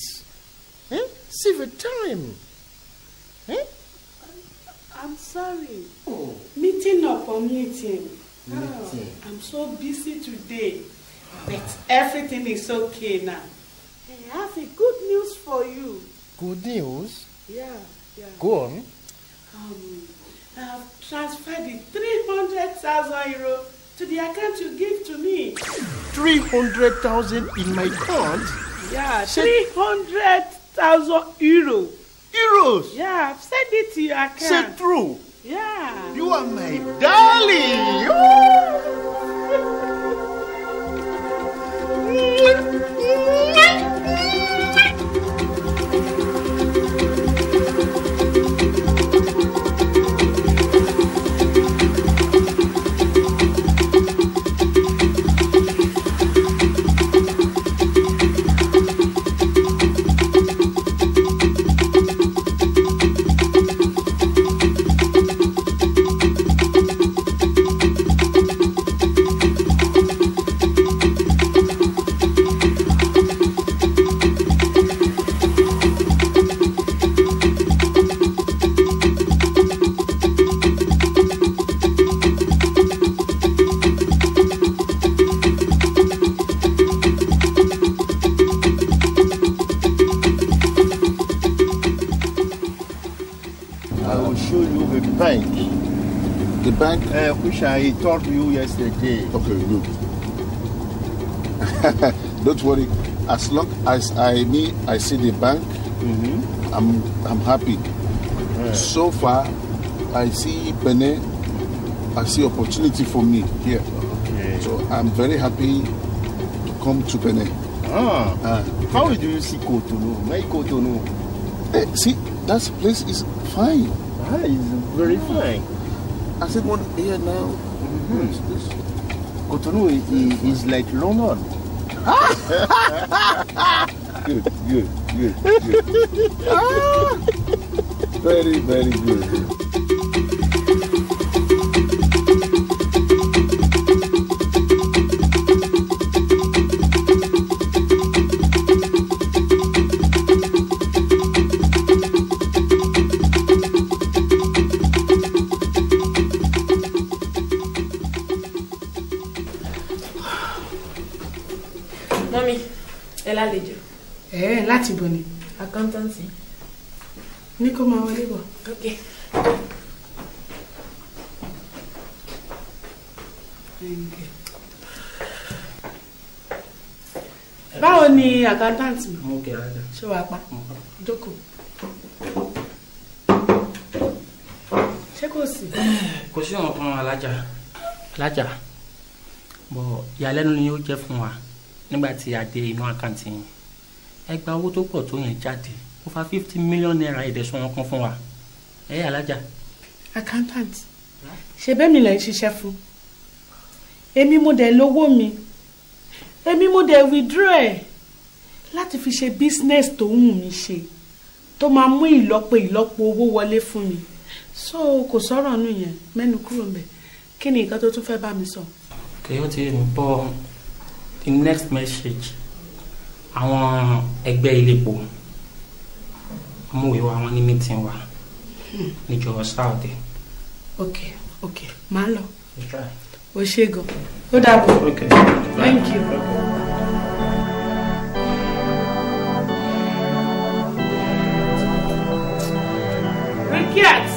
Eh? See the time. Eh?
I'm sorry.
Oh. Meeting up or meeting. Oh, I'm so busy today. But everything is okay now. Hey, I have a good news for you.
Good news?
Yeah, yeah. Go on. Um, I've transferred the 300,000 euro to the account you give to me. 300,000 in my account? Yeah, 300,000 euro. Euros? Yeah, I've sent it to your account. Said through?
Yeah. You are my darling.
Ooh. to you yesterday. Okay, good. Don't worry. As long as I meet, I see the bank, mm -hmm. I'm I'm happy. Yeah. So far, I see Benin. I see opportunity for me here. Okay. So I'm very happy to come to Benin. Ah. Uh, How do you see Cotonou? My Cotonou. Uh, eh, see, that place is fine. Ah, it's very ah. fine. I said one here now. What is this? Cotonou is, is like London. good, good,
good, good. very, very good.
rajà bọ̀ ìyàlẹ́nu ni yóò jẹ́ fún wa nígbà tí a dé inú àkáǹtì yìí ẹ gba owó tó pọ̀ tó yẹn jáde ó fa fifty million naira ìdẹ̀sùn wọn kan fún wa ẹ yà alájà. accountant
ṣe bẹ́ẹ̀ mi lẹ̀ ń ṣiṣẹ́ fún èmi mo dẹ̀ lówó mi èmi mo dẹ̀ withdraw ẹ̀ láti fi ṣe business tó ń mi mí ṣe tó máa mú ìlọ́po ìlọ́po owó wọlé fún mi so kò sọ̀rọ̀ nù yẹn mẹ́nu kúrò mbẹ̀ kí ni nǹkan tó tún fẹ́ bá mi sọ.
kèé ó ti ń bọ the next message àwọn ẹgbẹ́ ilépo amúwèé wa wọn ní meeting wa níjọ sáàdì.
ok ok máa lọ o ṣe gan
ó dàbọ̀
thank
you. Okay. Yes.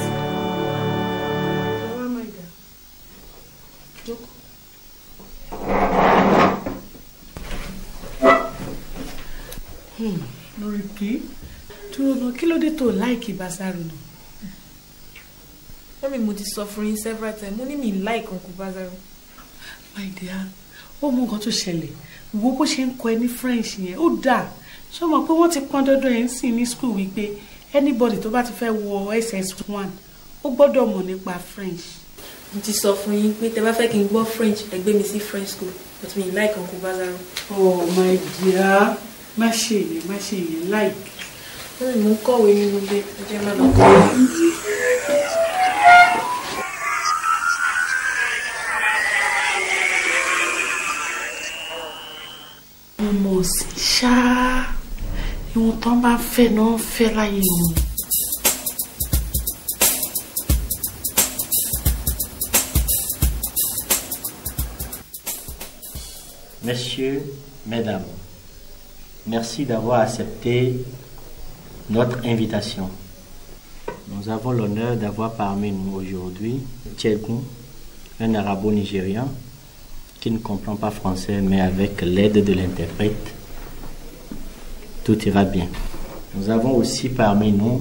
kí ló dé tó láìkì Bazaru nù. mọ́mí mo ti sọ fún yín several times mo ní mi láìkì ọkọ̀ Bazaru. my dear ó mú nǹkan tó ṣẹlẹ̀ wo bó ṣe ń kọ ẹ ní French yẹn ó dáa ṣé o mọ̀ pé wọ́n ti pọn dandan ẹ̀ ń sìn ní school wípé anybody tó bá ti fẹ́ wọ SS1 ó gbọ́dọ̀ mọ̀ nípa
French. mo ti sọ fún yín pé tẹ bá fẹ́ kí n gbọ́ French ẹ gbé mi sí French school but mi like Uncle Bazaru. oh my dear má ṣe yẹn má ṣe yẹn like.
mon corps est inondé. J'ai mal au corps.
On tombe à faire
non fait la yéni.
Messieurs, mesdames, merci d'avoir accepté notre invitation. Nous avons l'honneur d'avoir parmi nous aujourd'hui Tchekou, un arabo-nigérien qui ne comprend pas français, mais avec l'aide de l'interprète, tout ira bien. Nous avons aussi parmi nous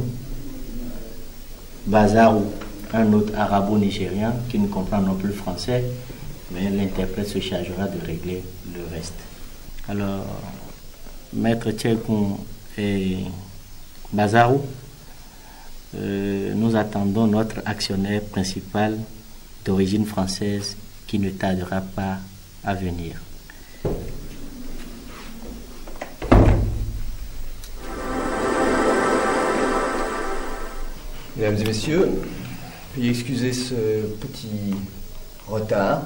Bazarou, un autre arabo-nigérien qui ne comprend non plus français, mais l'interprète se chargera de régler le reste. Alors, Maître Tchekou est Bazarou, euh, nous attendons notre actionnaire principal d'origine française qui ne tardera pas à venir.
Mesdames et messieurs, veuillez excuser
ce petit retard.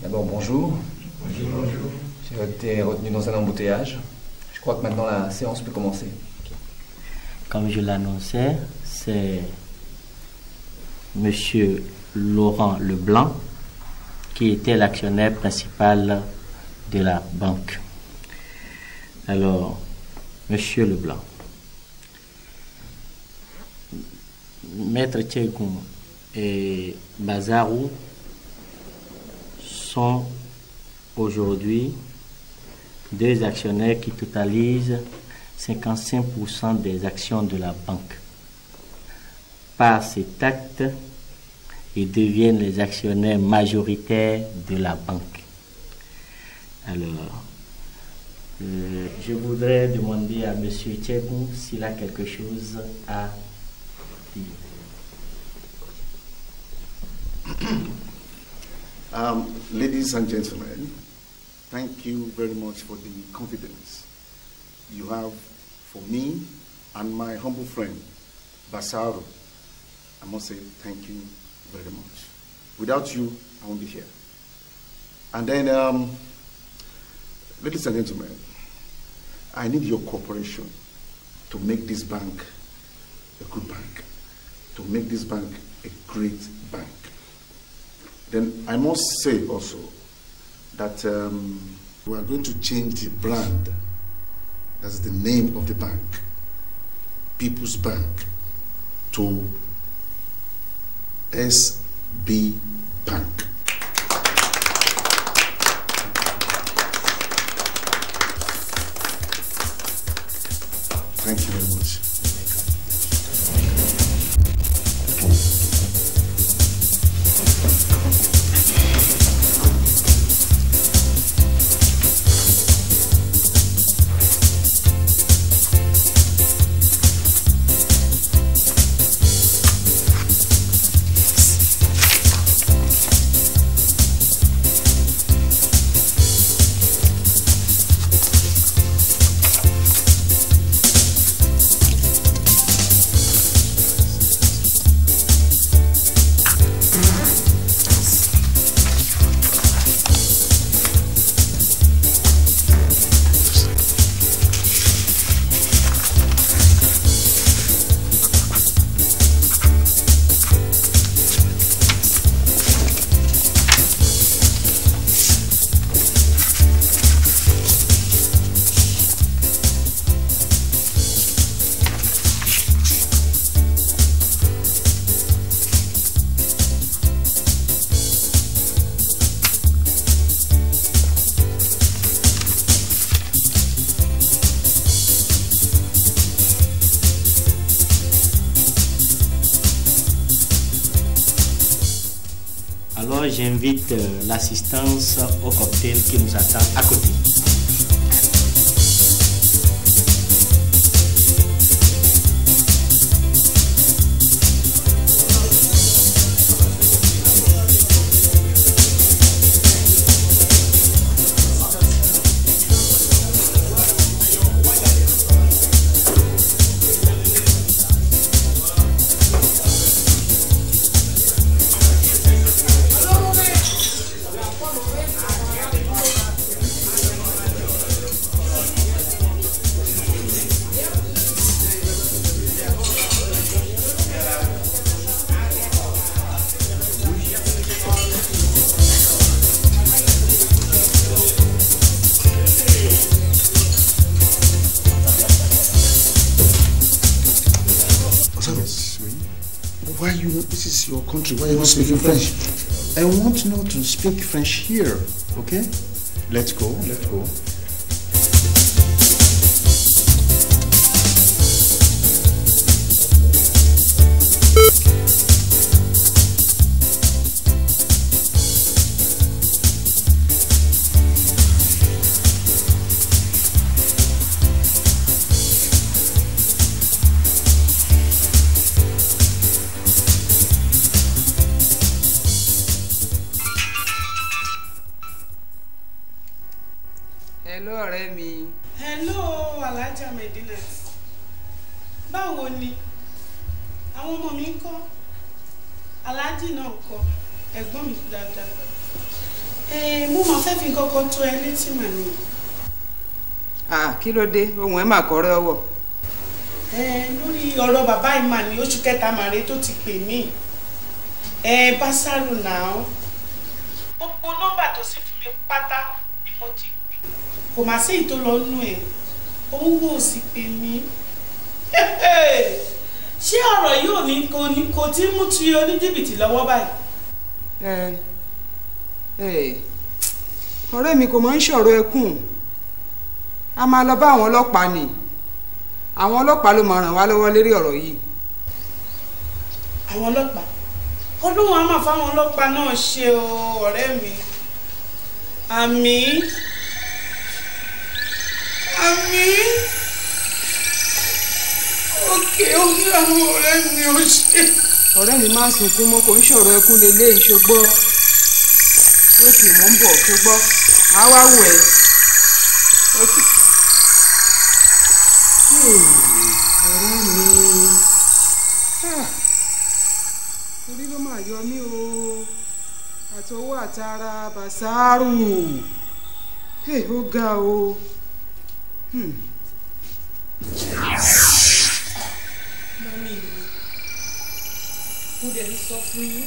D'abord, bonjour. Bonjour. J'ai été retenu dans un embouteillage. Je crois que maintenant la séance peut commencer comme je l'annonçais, c'est M. Laurent Leblanc qui était l'actionnaire principal de la banque. Alors, M. Leblanc, Maître Tchegoum et Bazarou sont aujourd'hui deux actionnaires qui totalisent 55% des actions de la banque. Par cet acte, ils deviennent les actionnaires majoritaires de la banque. Alors, euh, je voudrais demander à M. Tchegou s'il a quelque chose à dire.
Um, ladies and gentlemen, thank you very much for the confidence you have for me and my humble friend, Basaro. I must say thank you very much. Without you, I won't be here. And then, um, ladies and gentlemen, I need your cooperation to make this bank a good bank, to make this bank a great bank. Then I must say also that um, we are going to change the brand that's the name of the bank, People's Bank, to
SB Bank. Thank you very much.
assistance au cocktail qui nous attend à côté.
you, this is your country Why you're not speaking French. French. I want not to speak French here, okay? Let's
go, let's go.
kí ló dé ohun ẹ̀ mà kọ́rẹ́ ọwọ́.
lórí ọ̀rọ̀ bàbá ìmà ní oṣù kẹta màrè tó ti pè mí ẹ bá sáré náà gbogbo nọ́mbà tó sì fún mi pátá ni mo ti pè. kò má sí ìtòlọ́nù ẹ̀ òun wò sí pè mí ṣé ọ̀rọ̀ yóò ní kò ní kò tí mú ti oníjìbìtì lọ́wọ́ báyìí. ọ̀rẹ́ mi kò máa ń ṣọ̀rọ̀ ẹkún a máa lọ bá àwọn ọlọ́pàá ni àwọn ọlọ́pàá ló máa ràn wá lọ́wọ́ lérí ọ̀rọ̀ yìí. àwọn ọlọ́pàá olóhùn á máa fáwọn ọlọ́pàá náà ṣe o ọ̀rẹ́ mi àmì àmì òkè òkè àwọn ọ̀rẹ́ mi ò ṣe. ọ̀rẹ́ mi máa sunkún mọ́ kò ń ṣọ̀rọ̀ ẹkún lélẹ̀ ìṣògbọ́ ó sì mú ń bọ̀ ṣògbọ́ àá wá wò ẹ́. Okay. àyọmí o àtọwọ́ àtara bàṣáàrù ó ga o. Hmm. mọ́mí mi mo dẹ̀ ń sọ fún yín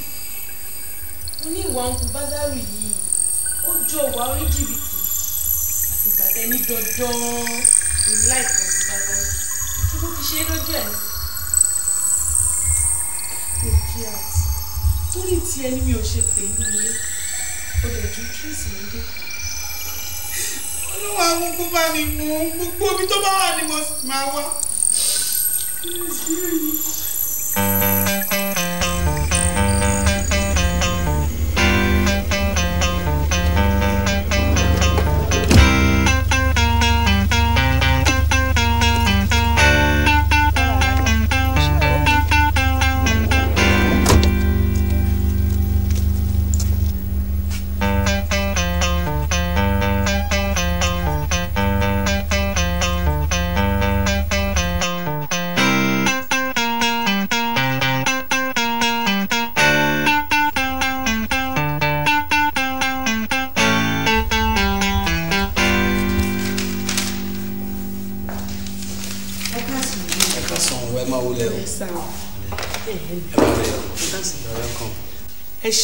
mo ní ìwà ọkùnrin bázárù yìí ó jọ ìwà orí jìbìtì ìgbà tẹni dandan ìlà ìkànnì bázárù kí ló ti ṣe é lójú ẹ̀ ní torí ti ẹni mi ò ṣe pè ní ilé
ó lè tún tracy ní dẹ́kun.
olúwa àwọn kó bá mi mú gbogbo omi tó bá wà ni mo máa wá.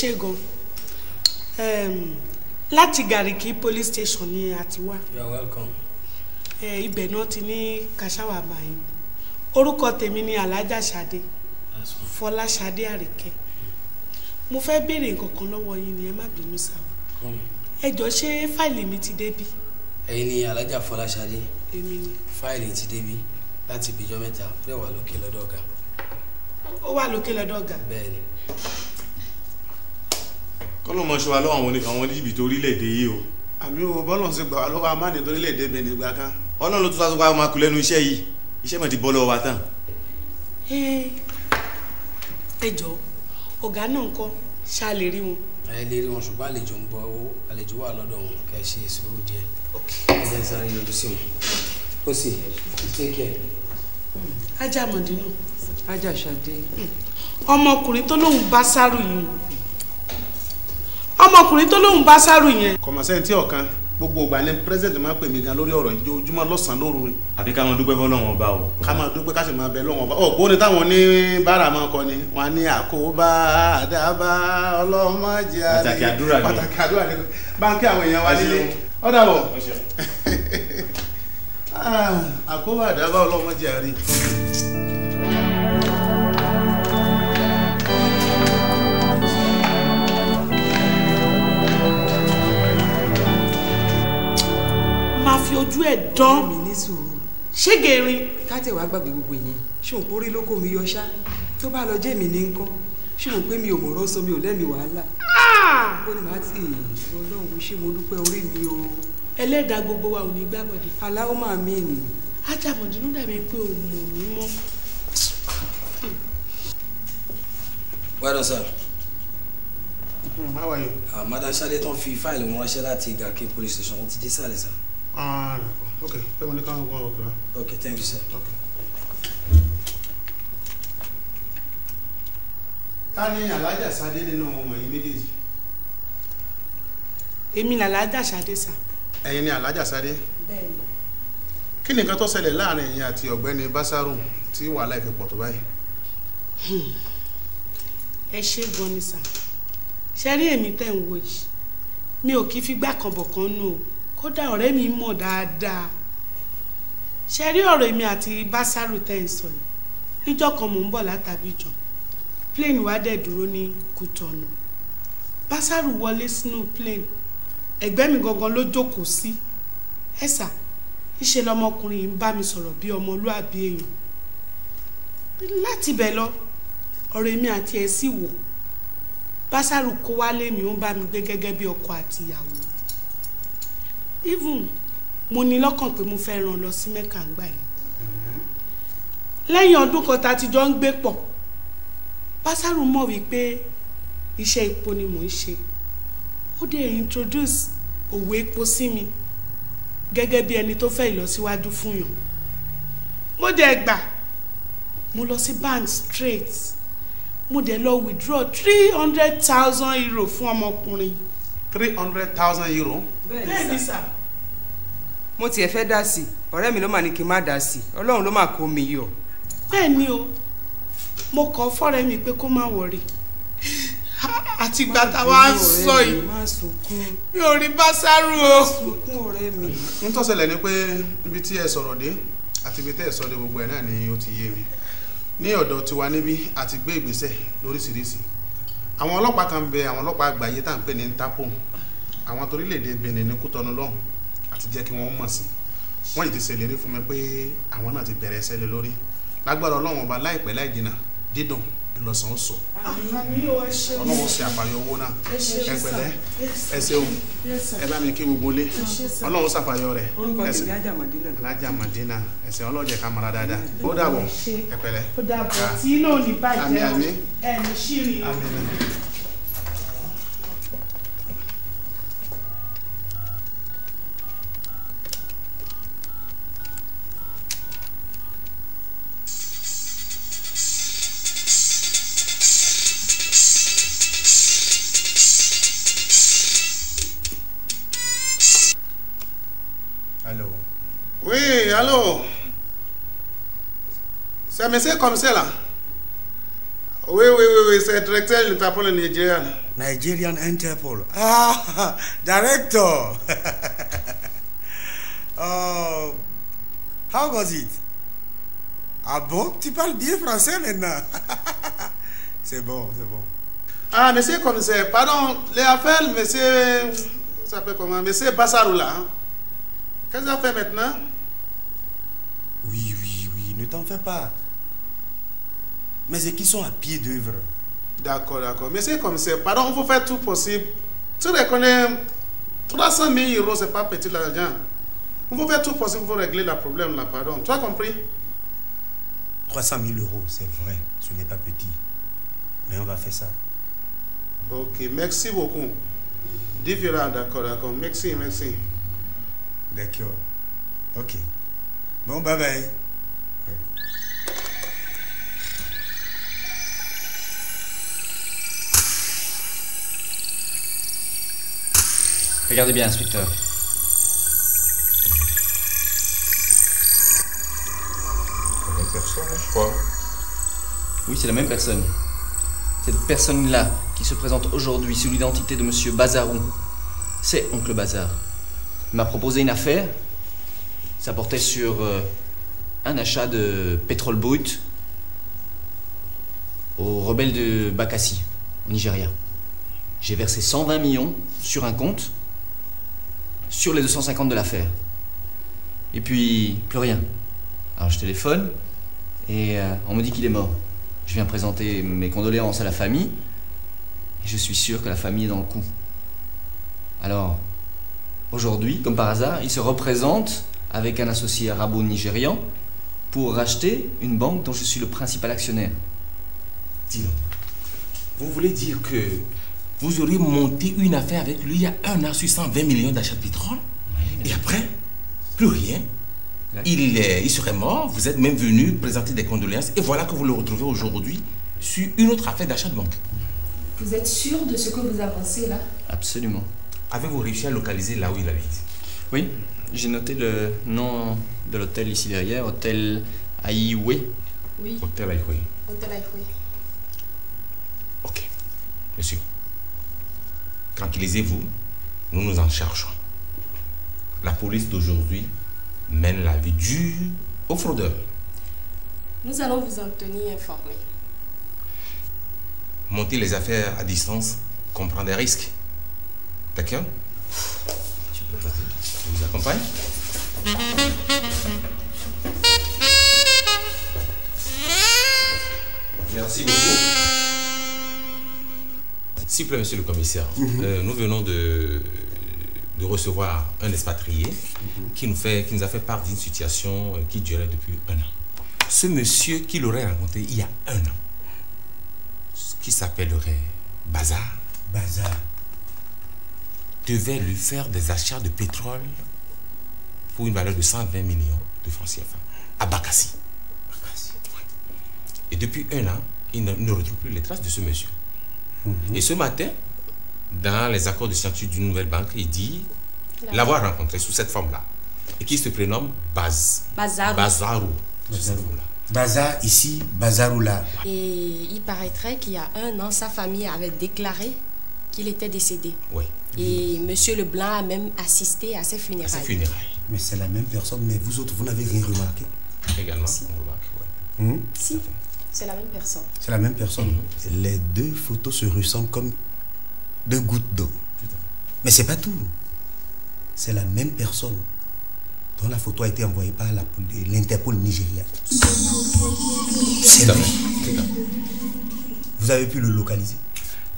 ṣe gan ehm, láti Gàrìkí police station ni a ti wá welcome ibẹ̀ náà ti ní kàṣáwà báyìí orúkọ tèmi ni alájà ṣadé fọlá ṣadé àríkẹ́ hmm. mo fẹ́ béèrè nǹkan kan lọ́wọ́ yín ni ẹ má bínú sá o ẹ jọ ṣé fáìlì mi ti débí.
ẹ̀yin ni alájà fọlá ṣadé èmi ni fáìlì ti débí láti ibìjọ mẹ́ta ó wà lókè lọ́dọ̀ ọ̀gá.
ó wà lókè lọ́dọ̀ ọ̀gá. bẹ́ẹ̀ni kọ́lọ́ mọ̀ ṣe wa lọ́wọ́ àwọn oníkan àwọn oníjìbìtì orílẹ̀-èdè yìí o. àmì o bọ́lọ̀ ṣe gbà wá lọ́wọ́ amáde torílẹ̀-èdè bẹ̀rẹ̀ gbà kan. ọlọ́run ló tún sáré wá máa kú lẹ́nu iṣẹ́ yìí iṣẹ́ mọ̀ ti bọ́ lọ́wọ́ wa tán. ẹ jọ ọ̀gá náà ńkọ́
ṣá lè rí wọn. ẹ lè rí wọn ṣùgbọ́n àlejò ń bọ̀ àlejò wà lọ́dọ̀ wọn kẹ́ ṣe ìṣòro díẹ̀ ẹ jẹ́ sáré yọjú sí wọn ó sì take
ọmọkùnrin tó lóun bá sáró yẹn. kọmọsẹ́ni tí ọ̀kan gbogbo ìgbà ni president máa ń pè mí gan lórí ọ̀rọ̀ yìí ojoojúmọ́ lọ́sàn-án lóru ni. àbí ká máa dúpẹ́ fọlọ́wọ́n ọba o. ká máa dúpẹ́ ká sì máa bẹ lọ́wọ́n ọba o gbóni táwọn ní bára máa kọ ni wọn ní àkóbá àdábá ọlọ́mọdé àdé pàtàkì àdúrà ni pàtàkì ni báńkì àwọn èèyàn wa nílé ó dàbọ̀ ah, àkóbá àdábá ọlọ́mọdé àdé. máa fi ojú ẹ̀ dán. mi ní sùúrù. ṣége rin. kátẹ̀ wàá gbàgbé gbogbo yẹn ṣùgbọ́n pórí lóko mi yọ ṣá tó bá lọ jẹ́ mi ní ń kọ́ ṣùgbọ́n pé mi ò mọ̀rọ̀ sọ mi ò lẹ́mi wàhálà. Ah! ó ní màá tì í ọlọ́run ṣé mo dúpẹ́ orí mi o. ẹlẹ́dàá gbogbo wa ò ní gbàgbọ́dé. aláwọ̀ máa mí ni. ajámọ̀dínú dàbí pé o mọ̀ mí mọ́.
wẹ́rọ sá. Hmm, how are you? Ah, madam sade tán fi fáìlì wọn ránṣẹ́ láti gàkè police station wọn ti dé sàlẹ̀ sá.
Ah, d'accord. Ok. Pé mo ní káwọn gbọ́ Ok, thank you, sir. Okay. Ta ni Alájà Ṣadé nínú ọmọ yìí méjèèjì? Èmi ni Alájà Ṣadé sà. Ẹ̀yin ni Alájà Ṣadé? Bẹ́ẹ̀ni. Kí ni nǹkan tó ṣẹlẹ̀ láàrin ẹ̀yin àti ọ̀gbẹ́ni Básárù tí wàhálà ìfẹ́ pọ̀ tó báyìí? Hmm. Ẹ ṣe gan ni sà. Ṣé rí èmi tẹ̀ ń wo yìí? Mi ò kì í fi gbá kan nù o kódà ọ̀rẹ́ mi mọ̀ dáadáa ṣe rí ọ̀rọ̀ èmi àti Básárù tẹ́ ń sọ yìí níjọ́ kan mò ń bọ̀ látàbíjàn plane wa dẹ̀ dúró ní Kútọ̀nù Básárù wọlé sínú plane ẹ̀gbẹ́ mi gangan ló jókòó sí ẹ̀sà ńṣe lọmọkùnrin yìí ń bá mi sọ̀rọ̀ bí ọmọlúàbí èèyàn láti bẹ̀ lọ ọ̀rọ̀ èmi àti ẹ̀ sì wò Básárù kó wálé mi ó ń bá mi gbé gẹ́gẹ́ bí ọkọ àti ìyàwó even mo ní lọ́kàn pé mo fẹ́ ràn lọ sí mẹ́ka ńgbà yẹn lẹ́yìn ọdún kan tá a ti jọ ń gbé pọ̀ pásárù mọ̀ wípé iṣẹ́ epo ni mò ń ṣe ó dẹ̀ introduce òwe epo sí mi gẹ́gẹ́ bí ẹni tó fẹ́ ìlọsíwájú fún yàn mo dẹ̀ gbà mo lọ sí bank straight mo dẹ̀ lọ withdraw three hundred thousand euro fún ọmọkùnrin yìí three hundred thousand euro. bẹ́ẹ̀ni sà mo tiẹ̀ fẹ́ dá sí ọ̀rẹ́ mi ló mà ní kí n má dá sí ọlọ́run ló mà kó mi yọ. bẹ́ẹ̀ni o mo kọ fọ́rẹ́ mi pé kó má wọrí àtìgbà táwa ń sọ yìí mi ò rí bá sáré o. n tó ṣẹlẹ̀ ni pé ibi tí ẹ sọ̀rọ̀ dé àti ibi tẹ́ ẹ sọ dé gbogbo ẹ̀ náà ni ó ti yé mi ní ọ̀dọ̀ tiwa níbí àti gbé ìgbésẹ̀ lóríṣiríṣi àwọn ọlọ́pàá kan bẹ àwọn ọlọ́pàá àgbáyé tá à ń pè ní Interpol àwọn torílẹ̀-èdè Benin ní Kútọ́nù lọ́hùn àti jẹ́ kí wọ́n mọ̀ sí wọ́n yìí ti ṣèlérí fún mi pé àwọn náà ti bẹ̀rẹ̀ ẹsẹ̀ lé lórí lágbára Ọlọ́run ọba láìpẹ́ láì jìnnà dídùn lọ́sàn-án sọ ọlọ́wọ́ sí àpàyọ owó náà ẹ pẹ̀lẹ́ ẹ ṣeun mi kí gbogbo lé ọlọ́wọ́ sàpàyọ rẹ̀ ẹsẹ̀ alájà màdínà ẹsẹ̀ ọlọ́jẹ̀ ká mara dáadáa ó dàbọ̀ ẹ pẹ̀lẹ́ ó dàbọ̀ tí inú ò ní Allô C'est un monsieur comme ça là Oui, oui, oui, oui c'est directeur de l'Interpol Nigérian.
Nigerian Interpol. Ah, directeur. uh, oh, how was it Ah bon Tu parles bien français maintenant C'est bon, c'est bon.
Ah, monsieur comme ça, pardon, les affaires, monsieur. Ça s'appelle comment Monsieur Bassaroula. Hein. Qu'est-ce a fait maintenant
oui, oui, oui, ne t'en fais pas. Mais c'est qui sont à pied d'œuvre. D'accord, d'accord. Mais c'est comme ça.
Pardon, on va faire tout possible. Tu reconnais, 300 000 euros, c'est pas petit l'argent. On va faire tout possible pour régler le problème là, pardon. Tu as compris
300 000 euros, c'est vrai, ce n'est pas petit. Mais on va faire ça.
Ok, merci beaucoup. Différent, d'accord, d'accord. Merci, merci.
D'accord. Ok. Bon, bye bye. Regardez bien, inspecteur. La même personne,
je crois. Oui, c'est la même personne. Cette personne-là qui se présente aujourd'hui sous l'identité de Monsieur Bazarou, c'est Oncle Bazar. Il m'a proposé une affaire ça portait sur euh, un achat de pétrole brut aux rebelles de Bakassi, au Nigeria. J'ai versé 120 millions sur un compte, sur les 250 de l'affaire. Et puis, plus rien. Alors je téléphone et euh, on me dit qu'il est mort. Je viens présenter mes condoléances à la famille et je suis sûr que la famille est dans le coup. Alors, aujourd'hui, comme par hasard, il se représente avec un associé arabo-nigérian pour racheter une banque dont je suis le principal actionnaire. Dis donc, vous voulez dire que vous auriez monté une affaire avec lui il y a un an sur 120 millions d'achats de pétrole et après, plus rien. Il, il serait mort, vous êtes même venu présenter des condoléances et voilà que vous le retrouvez aujourd'hui sur une autre affaire d'achat de banque.
Vous êtes sûr de ce que vous avancez là
Absolument. Avez-vous réussi à localiser là où il habite Oui, j'ai noté le nom de l'hôtel ici derrière, Hôtel Aïoué. Oui. Hôtel Aïoué. Hôtel Aïoué. Ok. Monsieur, tranquillisez-vous, nous nous en cherchons. La police d'aujourd'hui mène la vie dure aux fraudeurs.
Nous allons vous en tenir informés.
Monter les affaires à distance comprend des risques. D'accord Je peux accompagne. Merci beaucoup. S'il vous plaît, monsieur le commissaire, mhm. euh, nous venons de, de recevoir un expatrié mhm. qui, nous fait, qui nous a fait part d'une situation euh, qui durait depuis un an. Ce monsieur qui l'aurait raconté il y a un an, qui s'appellerait Bazar, Bazar, devait lui faire des achats de pétrole pour une valeur de 120 millions de francs CFA à Bakassi. Et depuis un an, il ne retrouve plus les traces de ce monsieur. Mhm. Et ce matin, dans les accords de signature d'une nouvelle banque, il dit l'avoir rencontré sous cette forme-là. Et qui se prénomme Baz. Bazarou.
Bazarou. là. Bazar ici, Bazarou là.
Et il paraîtrait qu'il y a un an, sa famille avait déclaré qu'il était décédé. Oui. Et Monsieur Leblanc a même assisté à ses funérailles. À ses funérailles.
Mais c'est la même personne, mais vous autres, vous n'avez rien remarqué Également, on remarque. Hmm?
c'est la même personne. C'est la même personne.
Mm-hmm. Les deux photos se ressemblent comme deux gouttes d'eau. Mais c'est pas tout. C'est la même personne dont la photo a été envoyée par l'Interpol nigérien. C'est Vous avez pu le localiser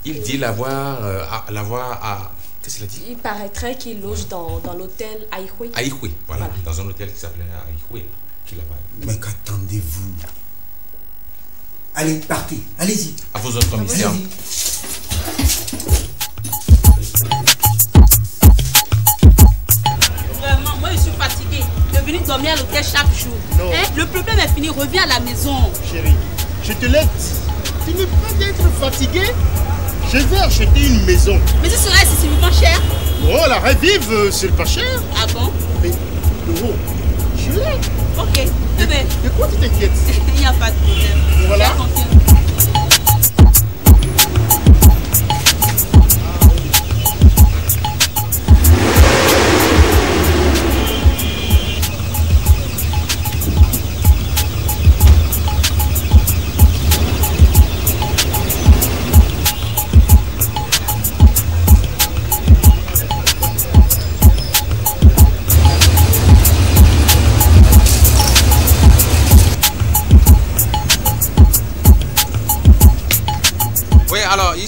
Il dit
l'avoir euh, l'avoir à Qu'est-ce qu'il a dit
Il paraîtrait qu'il loge dans, dans l'hôtel Aïhoué.
Aïhoué, voilà, Dans un hôtel qui s'appelait Aïhoué. Mais
qu'attendez-vous Allez, partez. Allez-y.
À vos autres commissaires.
Vraiment, moi je suis fatiguée de venir dormir à l'hôtel chaque jour. Hein? Le problème est fini, reviens à la maison. Chérie, je te laisse. Tu ne peux être fatigué. Je veux acheter
une maison. Mais
ce serait pas cher.
Oh, la revive, euh, c'est pas cher.
Ah bon Mais, oh, je l'ai. Ok, très eh bien. De quoi tu t'inquiètes Il n'y a pas de problème. Voilà.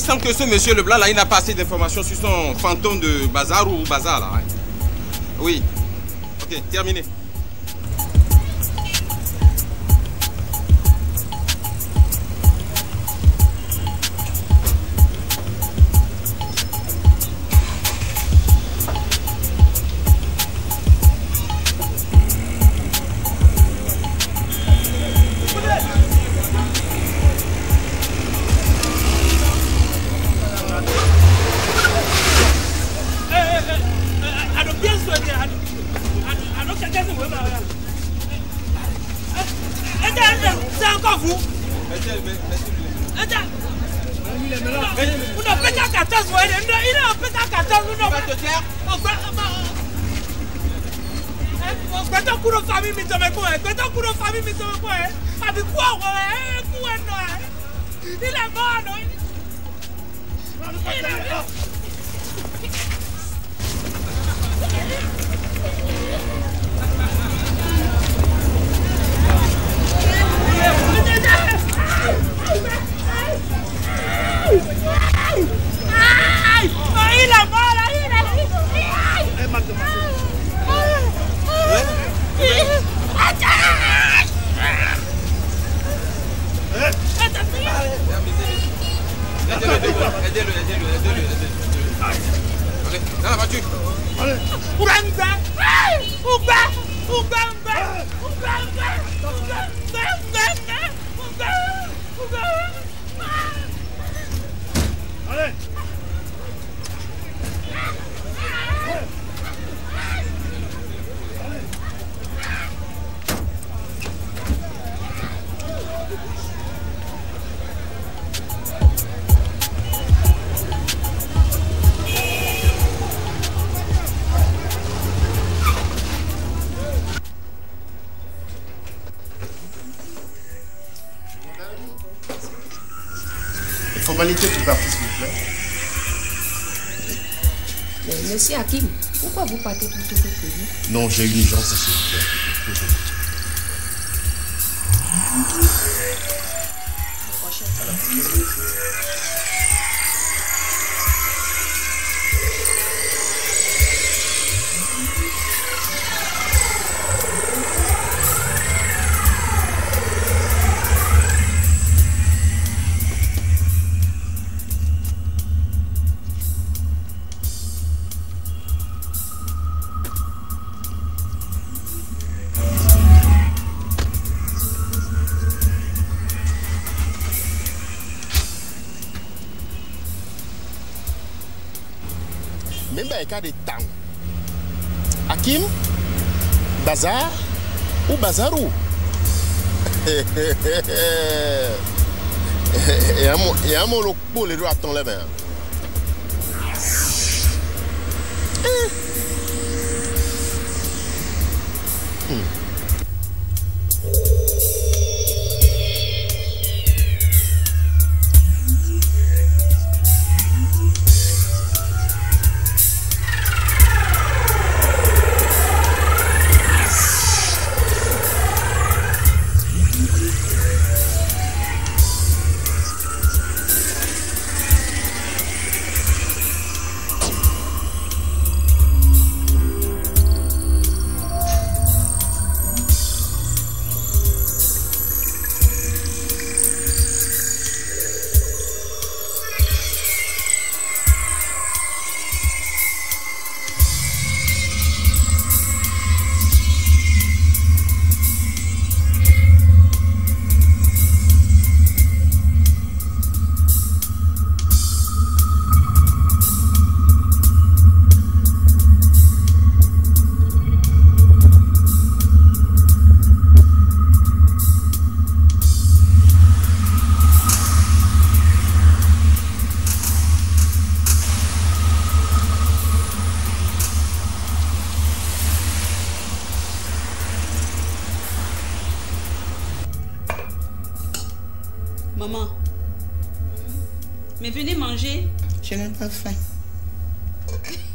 semble que ce monsieur Leblanc là, il n'a pas assez d'informations sur son fantôme de bazar ou bazar là. Hein. Oui. Ok, terminé.
Remettez tout partir s'il vous plaît.
Mais, monsieur Hakim, pourquoi vous partez plutôt que lui
Non, j'ai une urgence, s'il vous plaît. Jamaica de Tang. Akim, Bazar, o Bazaru. É, é, é, amor, é, é, é, é, é,
fait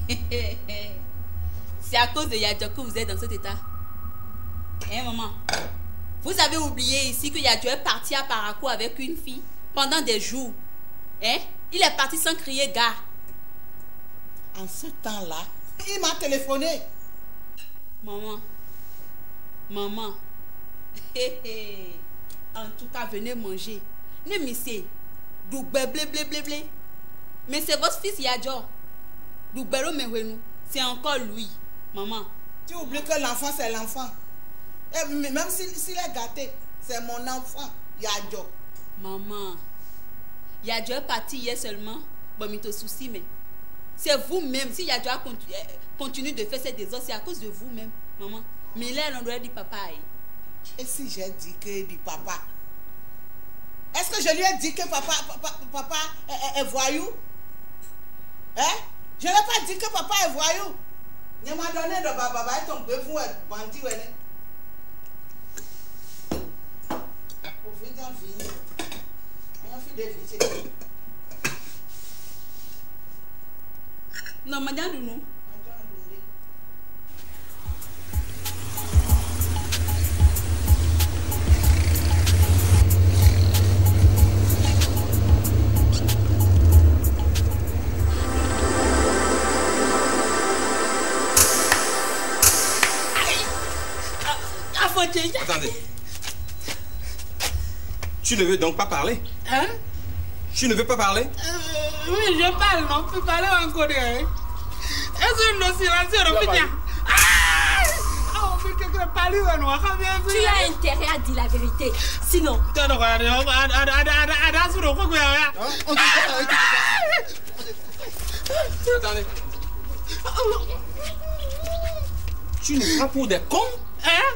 C'est à cause de Yadio que vous êtes dans cet état. Hein, maman Vous avez oublié ici que Yadio est parti à Parako avec une fille pendant des jours. Hein Il est parti sans crier gare. En ce temps-là, il m'a téléphoné. Maman, maman, en tout cas, venez manger. Ne missez, double blé blé blé blé. Mais c'est votre fils Yadjo. c'est encore lui, maman. Tu oublies que l'enfant, c'est l'enfant. Eh, même s'il est gâté, c'est mon enfant, Yadjo. Maman, Yadjo est parti hier seulement. Bon, il te soucie, mais c'est vous-même. Si Yadjo continue, eh, continue de faire ses désordres, c'est à cause de vous-même, maman. Mais là, on l'endroit dit papa. Eh. Et si j'ai dit que dit papa, est-ce que je lui ai dit que papa, papa, papa est voyou?
Hein? Je n'ai pas dit que papa est voyou. Il m'a donné de baba, baba, ton vous est bandit, ouais. Pour vite en
finir. On fait des visites. Non, madame, nous.
Attendez.
Tu ne veux donc pas parler Hein Tu ne veux pas parler
Oui, je parle, non peut parler en Est-ce une oscillation dire. Ah
Oh, mais que tu parles, Tu as intérêt à dire la vérité. Sinon.
Attendez. Tu nous prends pour des cons Hein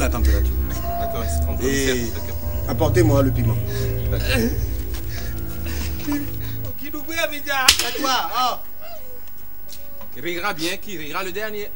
la température. D'accord, Et
apportez-moi le piment. D'accord.
Qui nous à toi, oh. Il rira bien, qui rira le dernier.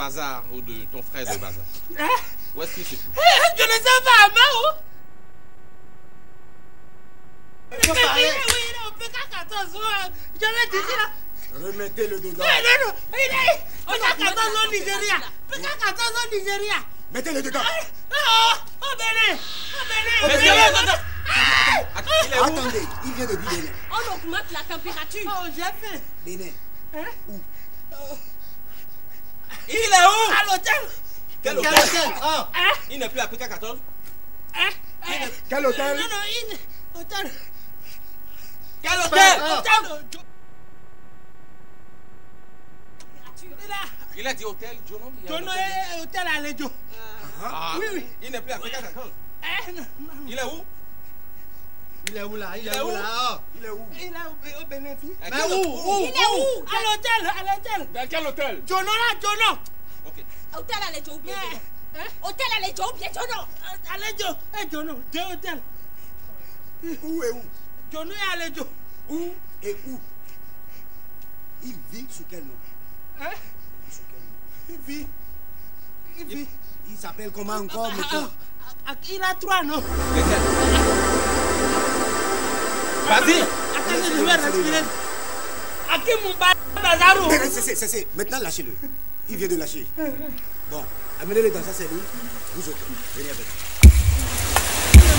bazar ou de ton frère de bazar. Eh,
eh. Quel hôtel Non,
non, il... hôtel. Quel hôtel Hôtel
Il a dit hôtel, Jono Jono est
hôtel à Lejo.
Ah. Ah. oui, oui. Il n'est plus à Fréquence. Eh, il est où il est où là Il est où là ah. Il
est où
Il est au bénéfice. Mais où Où Il est où À
l'hôtel, à l'hôtel. Dans quel hôtel Jono là, Jono.
Ok. Hôtel à Lejo, bien. Hein? hôtel àlejò ou bien Jono náà. Ah,
et eh, Jono, deux hôtels. où et où. Jono à àlejò.
où et où. il vit sous quel nom. Hein? Il vit. Il vit. Il s'appelle comment encore, ah,
ah, Il a trois noms. Vas-y. Attendez, je vais respirer. Akim mon Bazaro. Eh, eh,
c'est, c'est, Maintenant, lâchez-le. Il vient de lâcher. Bon, Amenez-les dans sa cellule. Vous autres, venez avec.
Je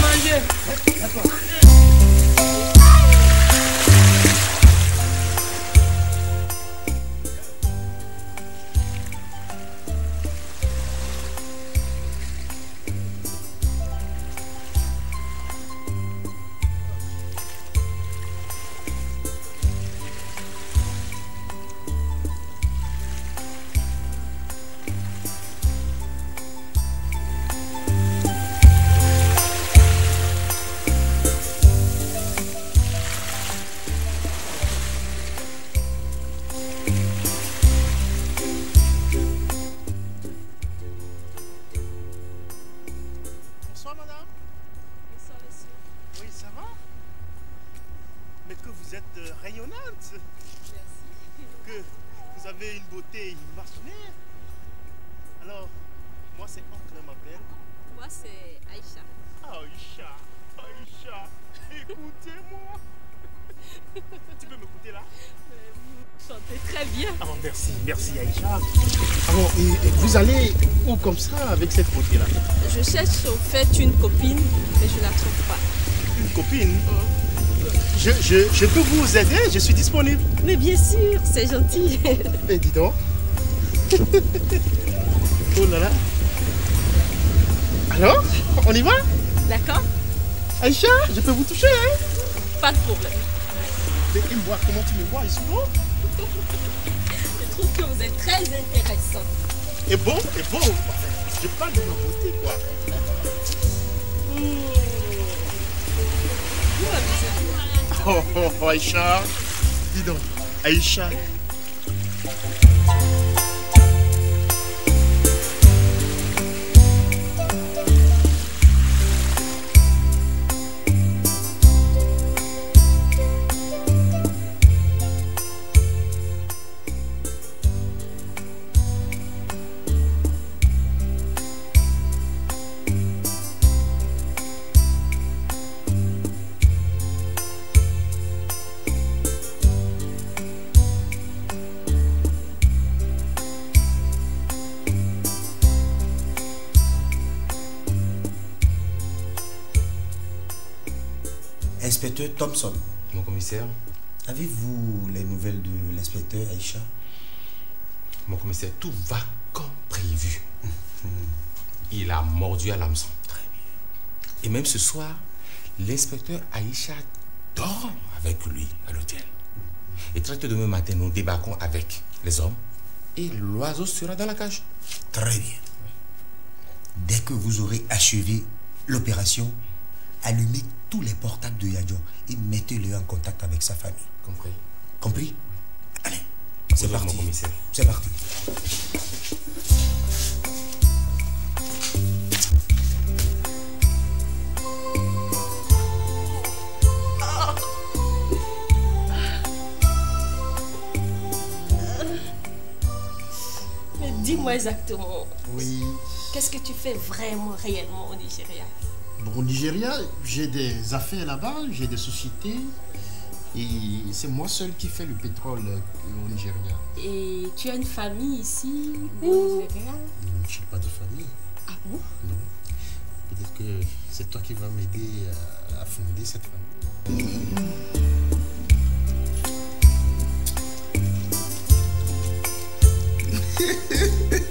comme ça avec cette beauté-là
Je cherche au fait une copine, mais je ne la trouve pas. Une copine oh. je, peux vous aider,
je suis disponible. Mais bien sûr, c'est gentil. Mais eh, dis donc.
oh là là. Alors,
on y va D'accord. Aïcha, je peux vous toucher, hein Pas de problème. Mais comment tu me vois,
Je trouve que vous êtes très intéressant.
Et bon, et bon. Je parle de ma beauté, quoi. Hmm. Oh, oh, oh, Aïcha. Dis donc, Aïcha,
Thompson. Mon commissaire. Avez-vous les nouvelles de l'inspecteur Aïcha Mon
commissaire, tout va comme prévu. Il a mordu à l'hameçon. Très bien. Et même ce soir, l'inspecteur Aïcha dort avec lui à l'hôtel. Et très tôt demain matin, nous débarquons avec les hommes et
l'oiseau sera dans la cage. Très bien. Dès que vous aurez achevé l'opération, allumez tous les portables de Yadjo et mettez-le en contact avec sa famille. Compris. Compris Allez, c'est parti. C'est parti.
Mais Dis-moi exactement. Oui. Qu'est-ce que tu fais vraiment, réellement au Nigeria
au Nigeria, j'ai des affaires là-bas, j'ai des sociétés. Et c'est moi seul qui fais le pétrole euh, au Nigeria.
Et tu as une famille
ici mmh. au Nigeria Non,
je n'ai pas de famille.
Ah bon Non.
Peut-être que c'est toi qui vas m'aider à, fonder cette famille.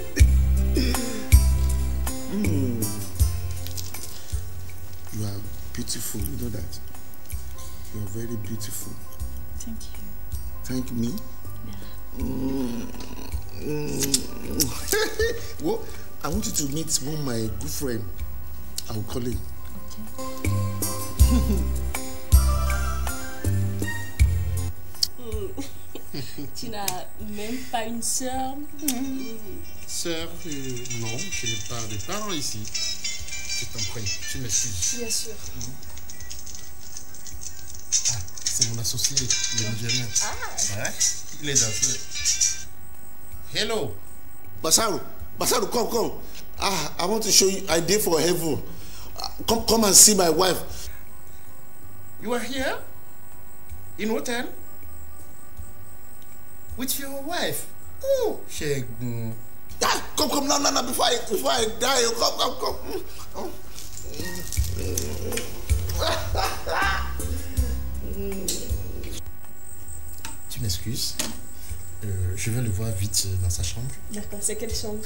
beautiful. You know that. You're very beautiful. Thank you. Thank me? Yeah.
Mm
well, I want you to meet one my good friend. I'll
call him. Okay. tu n'as même pas une sœur hmm.
Sœur euh, Non, je n'ai pas de parents ici. Je t'en prie, tu me suis. Bien sûr. Mmh. c'est mon associé, le Nigérien. Ah. Ouais. ¿Eh? Il est danseur. Eh. Hello. Basaru, Basaru, come, come. Ah, I want to show you. I did for heaven. Ah, come, come and see my wife. You are here? In hotel? With your wife? Oh, Ṣẹ́gun. Ah, come, come, now, now, now, before I, before I die, come, come, come. Mm.
Mm. mm.
Tu m'excuses. Euh, je vais le voir vite euh, dans sa chambre. D'accord, c'est quelle chambre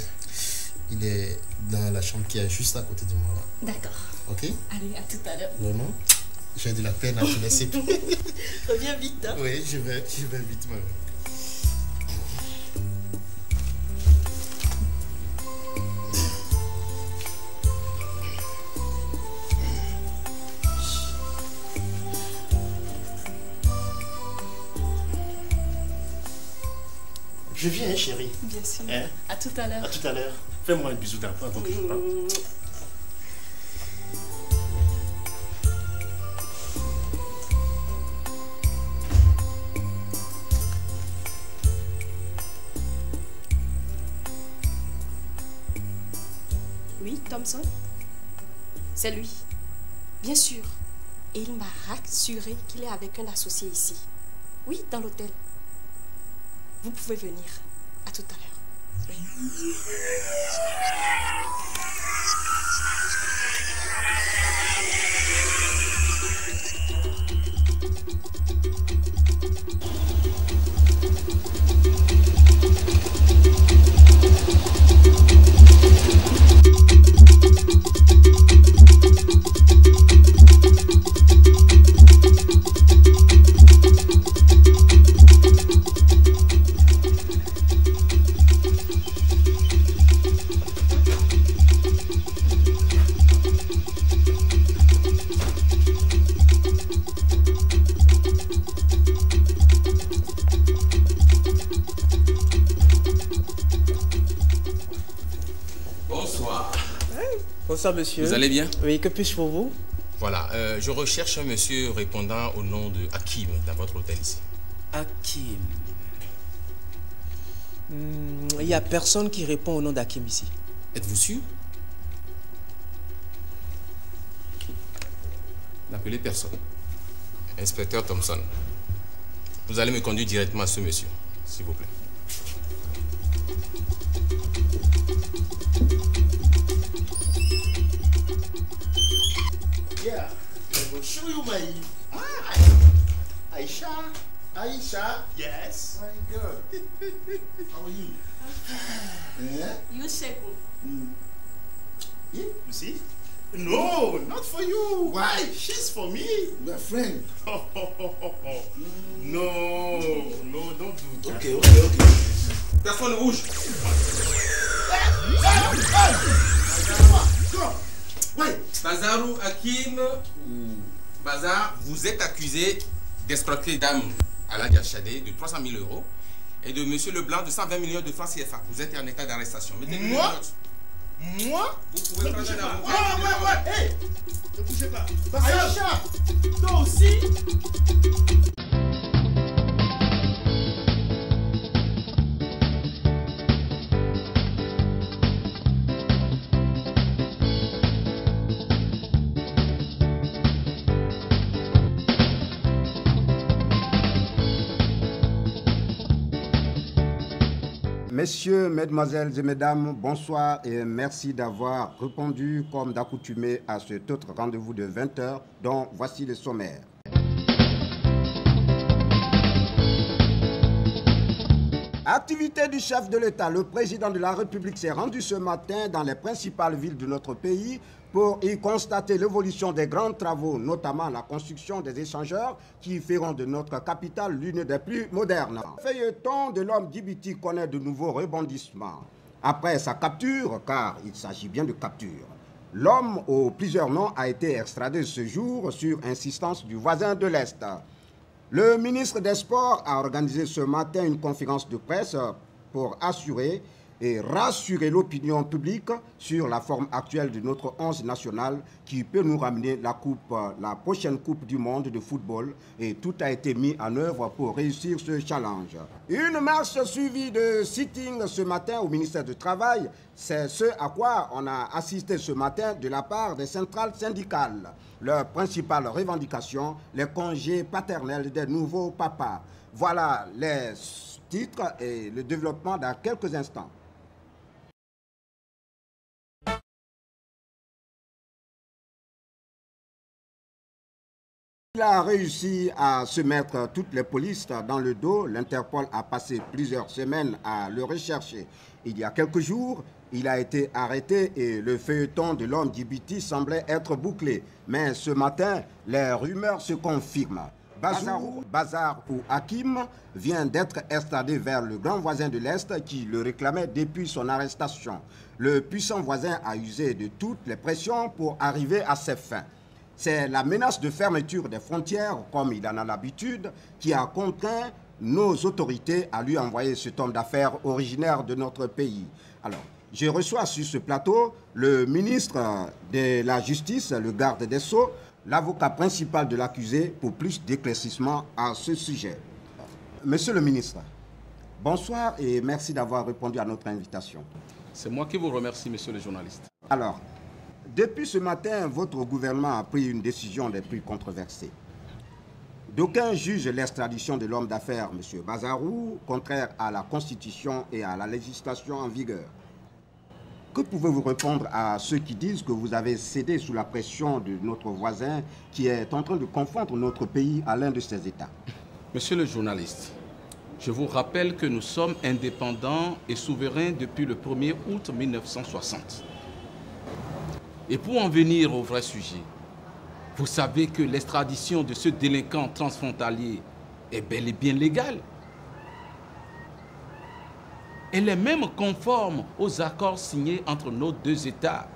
Il est dans la chambre qui est juste à côté de moi. D'accord. Ok Allez, à tout à l'heure. Vraiment J'ai de la peine à te laisser. Reviens vite. Hein? Oui, je vais, je vais vite,
Je viens, hein, chérie.
Bien sûr.
Hein? À tout à l'heure. À tout à l'heure. Fais-moi un bisou point avant que je parle..
Oui, Thompson C'est lui. Bien sûr. Et il m'a rassuré qu'il est avec un associé ici. Oui, dans l'hôtel. Vous pouvez venir. À tout à l'heure.
monsieur. Vous allez bien Oui, que puis-je pour vous Voilà, euh, je recherche un monsieur répondant au nom de Hakim dans votre hôtel ici. Hakim hmm, Il n'y a personne qui répond au nom d'Hakim ici. Êtes-vous sûr N'appelez personne. Inspecteur Thompson, vous allez me conduire directement à ce monsieur, s'il vous plaît.
Aisha. Yes. My good. How are you?
Okay. Yeah?
You shake. Mm. Yeah? You see? No, not for you. Why? She's for me. are friends. no,
no, don't do that. Okay, okay, okay. Personne rouge. Oui. Hakim, hmm. Bazar, vous êtes accusé d'escroquerie d'âme. Alain Chadé de 300 000 euros et de M. Leblanc de 120 millions de francs CFA. Vous êtes en état d'arrestation. Moi
Moi Vous pouvez prendre un avocat. Ouais, ouais, ouais Hé Ne bougez pas Aïcha Toi aussi
Messieurs, Mesdemoiselles et Mesdames, bonsoir et merci d'avoir répondu comme d'accoutumé à cet autre rendez-vous de 20h dont voici le sommaire. Activité du chef de l'État, le président de la République s'est rendu ce matin dans les principales villes de notre pays pour y constater l'évolution des grands travaux, notamment la construction des échangeurs qui feront de notre capitale l'une des plus modernes. Le feuilleton de l'homme d'Ibiti connaît de nouveaux rebondissements. Après sa capture, car il s'agit bien de capture, l'homme aux plusieurs noms a été extradé ce jour sur insistance du voisin de l'Est. Le ministre des Sports a organisé ce matin une conférence de presse pour assurer et rassurer l'opinion publique sur la forme actuelle de notre 11 nationale qui peut nous ramener la, coupe, euh, la prochaine Coupe du Monde de football et tout a été mis en œuvre pour réussir ce challenge. Une marche suivie de sitting ce matin au ministère du Travail, c'est ce à quoi on a assisté ce matin de la part des centrales syndicales. Leur principale revendication, les congés paternels des nouveaux papas. Voilà les titres et le développement dans quelques instants. Il a réussi à se mettre toutes les polices dans le dos. L'Interpol a passé plusieurs semaines à le rechercher. Il y a quelques jours, il a été arrêté et le feuilleton de l'homme d'Ibiti semblait être bouclé. Mais ce matin, les rumeurs se confirment. Bazar ou Hakim vient d'être extradé vers le grand voisin de l'Est qui le réclamait depuis son arrestation. Le puissant voisin a usé de toutes les pressions pour arriver à ses fins. C'est la menace de fermeture des frontières, comme il en a l'habitude, qui a contraint nos autorités à lui envoyer ce homme d'affaires originaire de notre pays. Alors, je reçois sur ce plateau le ministre de la Justice, le garde des Sceaux, l'avocat principal de l'accusé pour plus d'éclaircissement à ce sujet. Monsieur le ministre, bonsoir et merci d'avoir répondu à notre invitation.
C'est moi qui vous remercie, monsieur le journaliste.
Alors, depuis ce matin, votre gouvernement a pris une décision des plus controversées. D'aucuns jugent l'extradition de l'homme d'affaires, M. Bazarou, contraire à la Constitution et à la législation en vigueur. Que pouvez-vous répondre à ceux qui disent que vous avez cédé sous la pression de notre voisin qui est en train de confondre notre pays à l'un de ses États Monsieur le journaliste,
je vous rappelle que nous sommes indépendants et souverains depuis le 1er août 1960. Et pour en venir au vrai sujet, vous savez que l'extradition de ce délinquant transfrontalier est bel et bien légale. Elle est même conforme aux accords signés entre nos deux États,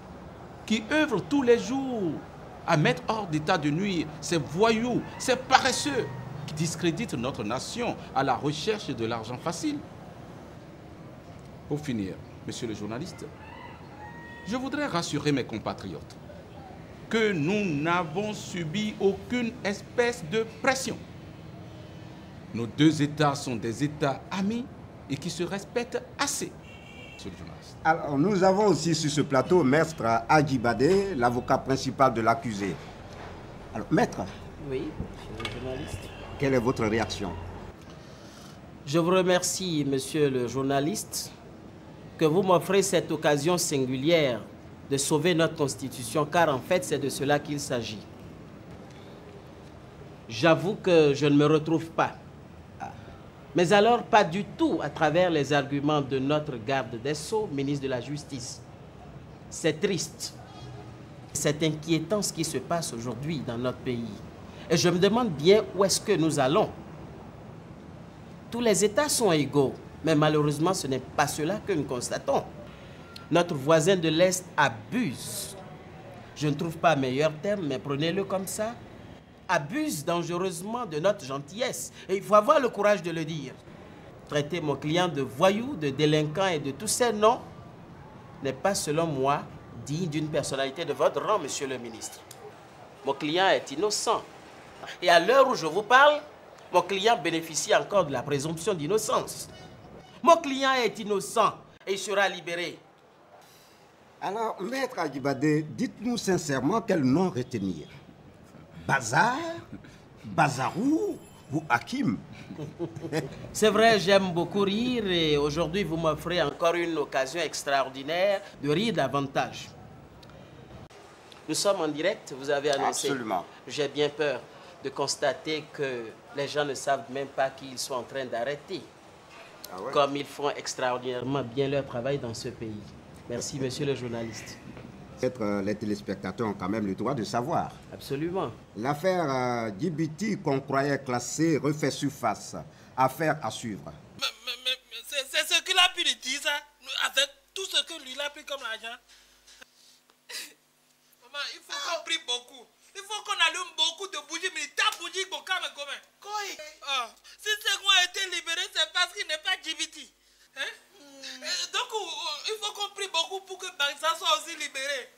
qui œuvrent tous les jours à mettre hors d'état de nuire ces voyous, ces paresseux qui discréditent notre nation à la recherche de l'argent facile. Pour finir, monsieur le journaliste, je voudrais rassurer mes compatriotes que nous n'avons subi aucune espèce de pression. Nos deux États sont des États amis et qui se respectent assez.
Alors, nous avons aussi sur ce plateau Maître Agibade, l'avocat principal de l'accusé. Alors, Maître. Oui, monsieur le journaliste. Quelle est votre réaction
Je vous remercie, monsieur le journaliste, que vous m'offrez cette occasion singulière de sauver notre Constitution, car en fait c'est de cela qu'il s'agit. J'avoue que je ne me retrouve pas, mais alors pas du tout à travers les arguments de notre garde des Sceaux, ministre de la Justice. C'est triste, c'est inquiétant ce qui se passe aujourd'hui dans notre pays. Et je me demande bien où est-ce que nous allons. Tous les États sont égaux. Mais malheureusement, ce n'est pas cela que nous constatons. Notre voisin de l'Est abuse. Je ne trouve pas meilleur terme, mais prenez-le comme ça. Abuse dangereusement de notre gentillesse. Et il faut avoir le courage de le dire. Traiter mon client de voyou, de délinquant et de tous ces noms n'est pas, selon moi, digne d'une personnalité de votre rang, monsieur le ministre. Mon client est innocent. Et à l'heure où je vous parle, mon client bénéficie encore de la présomption d'innocence. Mon client est innocent et il sera libéré.
Alors, maître Agibade, dites-nous sincèrement quel nom retenir. Bazar Bazarou ou Hakim
C'est vrai, j'aime beaucoup rire et aujourd'hui vous m'offrez encore une occasion extraordinaire de rire davantage. Nous sommes en direct, vous avez annoncé. Absolument. J'ai bien peur de constater que les gens ne savent même pas qui ils sont en train d'arrêter. Ah comme ils font extraordinairement bien leur travail dans ce pays. Merci, monsieur le journaliste.
Peut-être euh, les téléspectateurs ont quand même le droit de savoir. Absolument. L'affaire euh, Djibouti qu'on croyait classée refait surface. Affaire à suivre.
c'est ce qu'il a pu dire, ça, avec tout ce que lui a pris comme argent. Maman, il faut qu'on ah. prie beaucoup. Il faut qu'on allume beaucoup de bougies, mais ta bougie, bon, quand même, comment ah, Si Senghor a été libéré, c'est parce qu'il n'est pas Djibouti. Hein?
Hmm. Euh,
donc, euh, il faut qu'on prie beaucoup pour que Bangsa soit aussi libéré.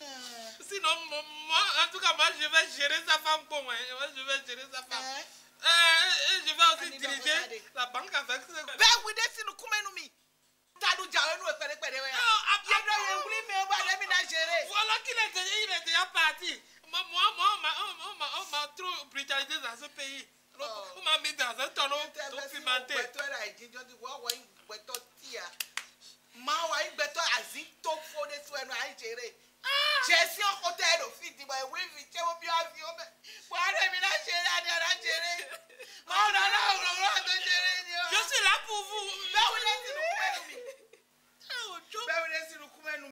Hmm.
Sinon, moi, en tout cas, moi, je vais gérer sa femme pour moi. Hein. je vais gérer sa femme. Et, eh? eh, eh, je vais aussi diriger la banque avec ce. Ben, oui, c'est nous, comment nous nous Voilà qu'il est déjà, il est déjà parti. moi, moi, moi, on m'a trop brutalisé dans ce pays. On m'a mis dans un tonneau tó fi máa dé. Máa wà ìgbẹ́tọ̀ àzí tó fóde tó ẹnu à ń jèrè. Jẹ̀sí ọkọ̀ tẹ ẹ̀rọ fi ìdìbò ìwé mi ṣé wọ́n bí wọ́n fi ọbẹ̀. Buhari mi náà ṣe eré adé ọ̀rá jèrè.
Máa rọ̀ náà rọ̀ rọ̀ àgbẹ̀ jèrè ni o. Yóò
sì lápò fún un. Bẹ́ẹ̀ wọlé sínú kúmẹ́nu mi. Ah,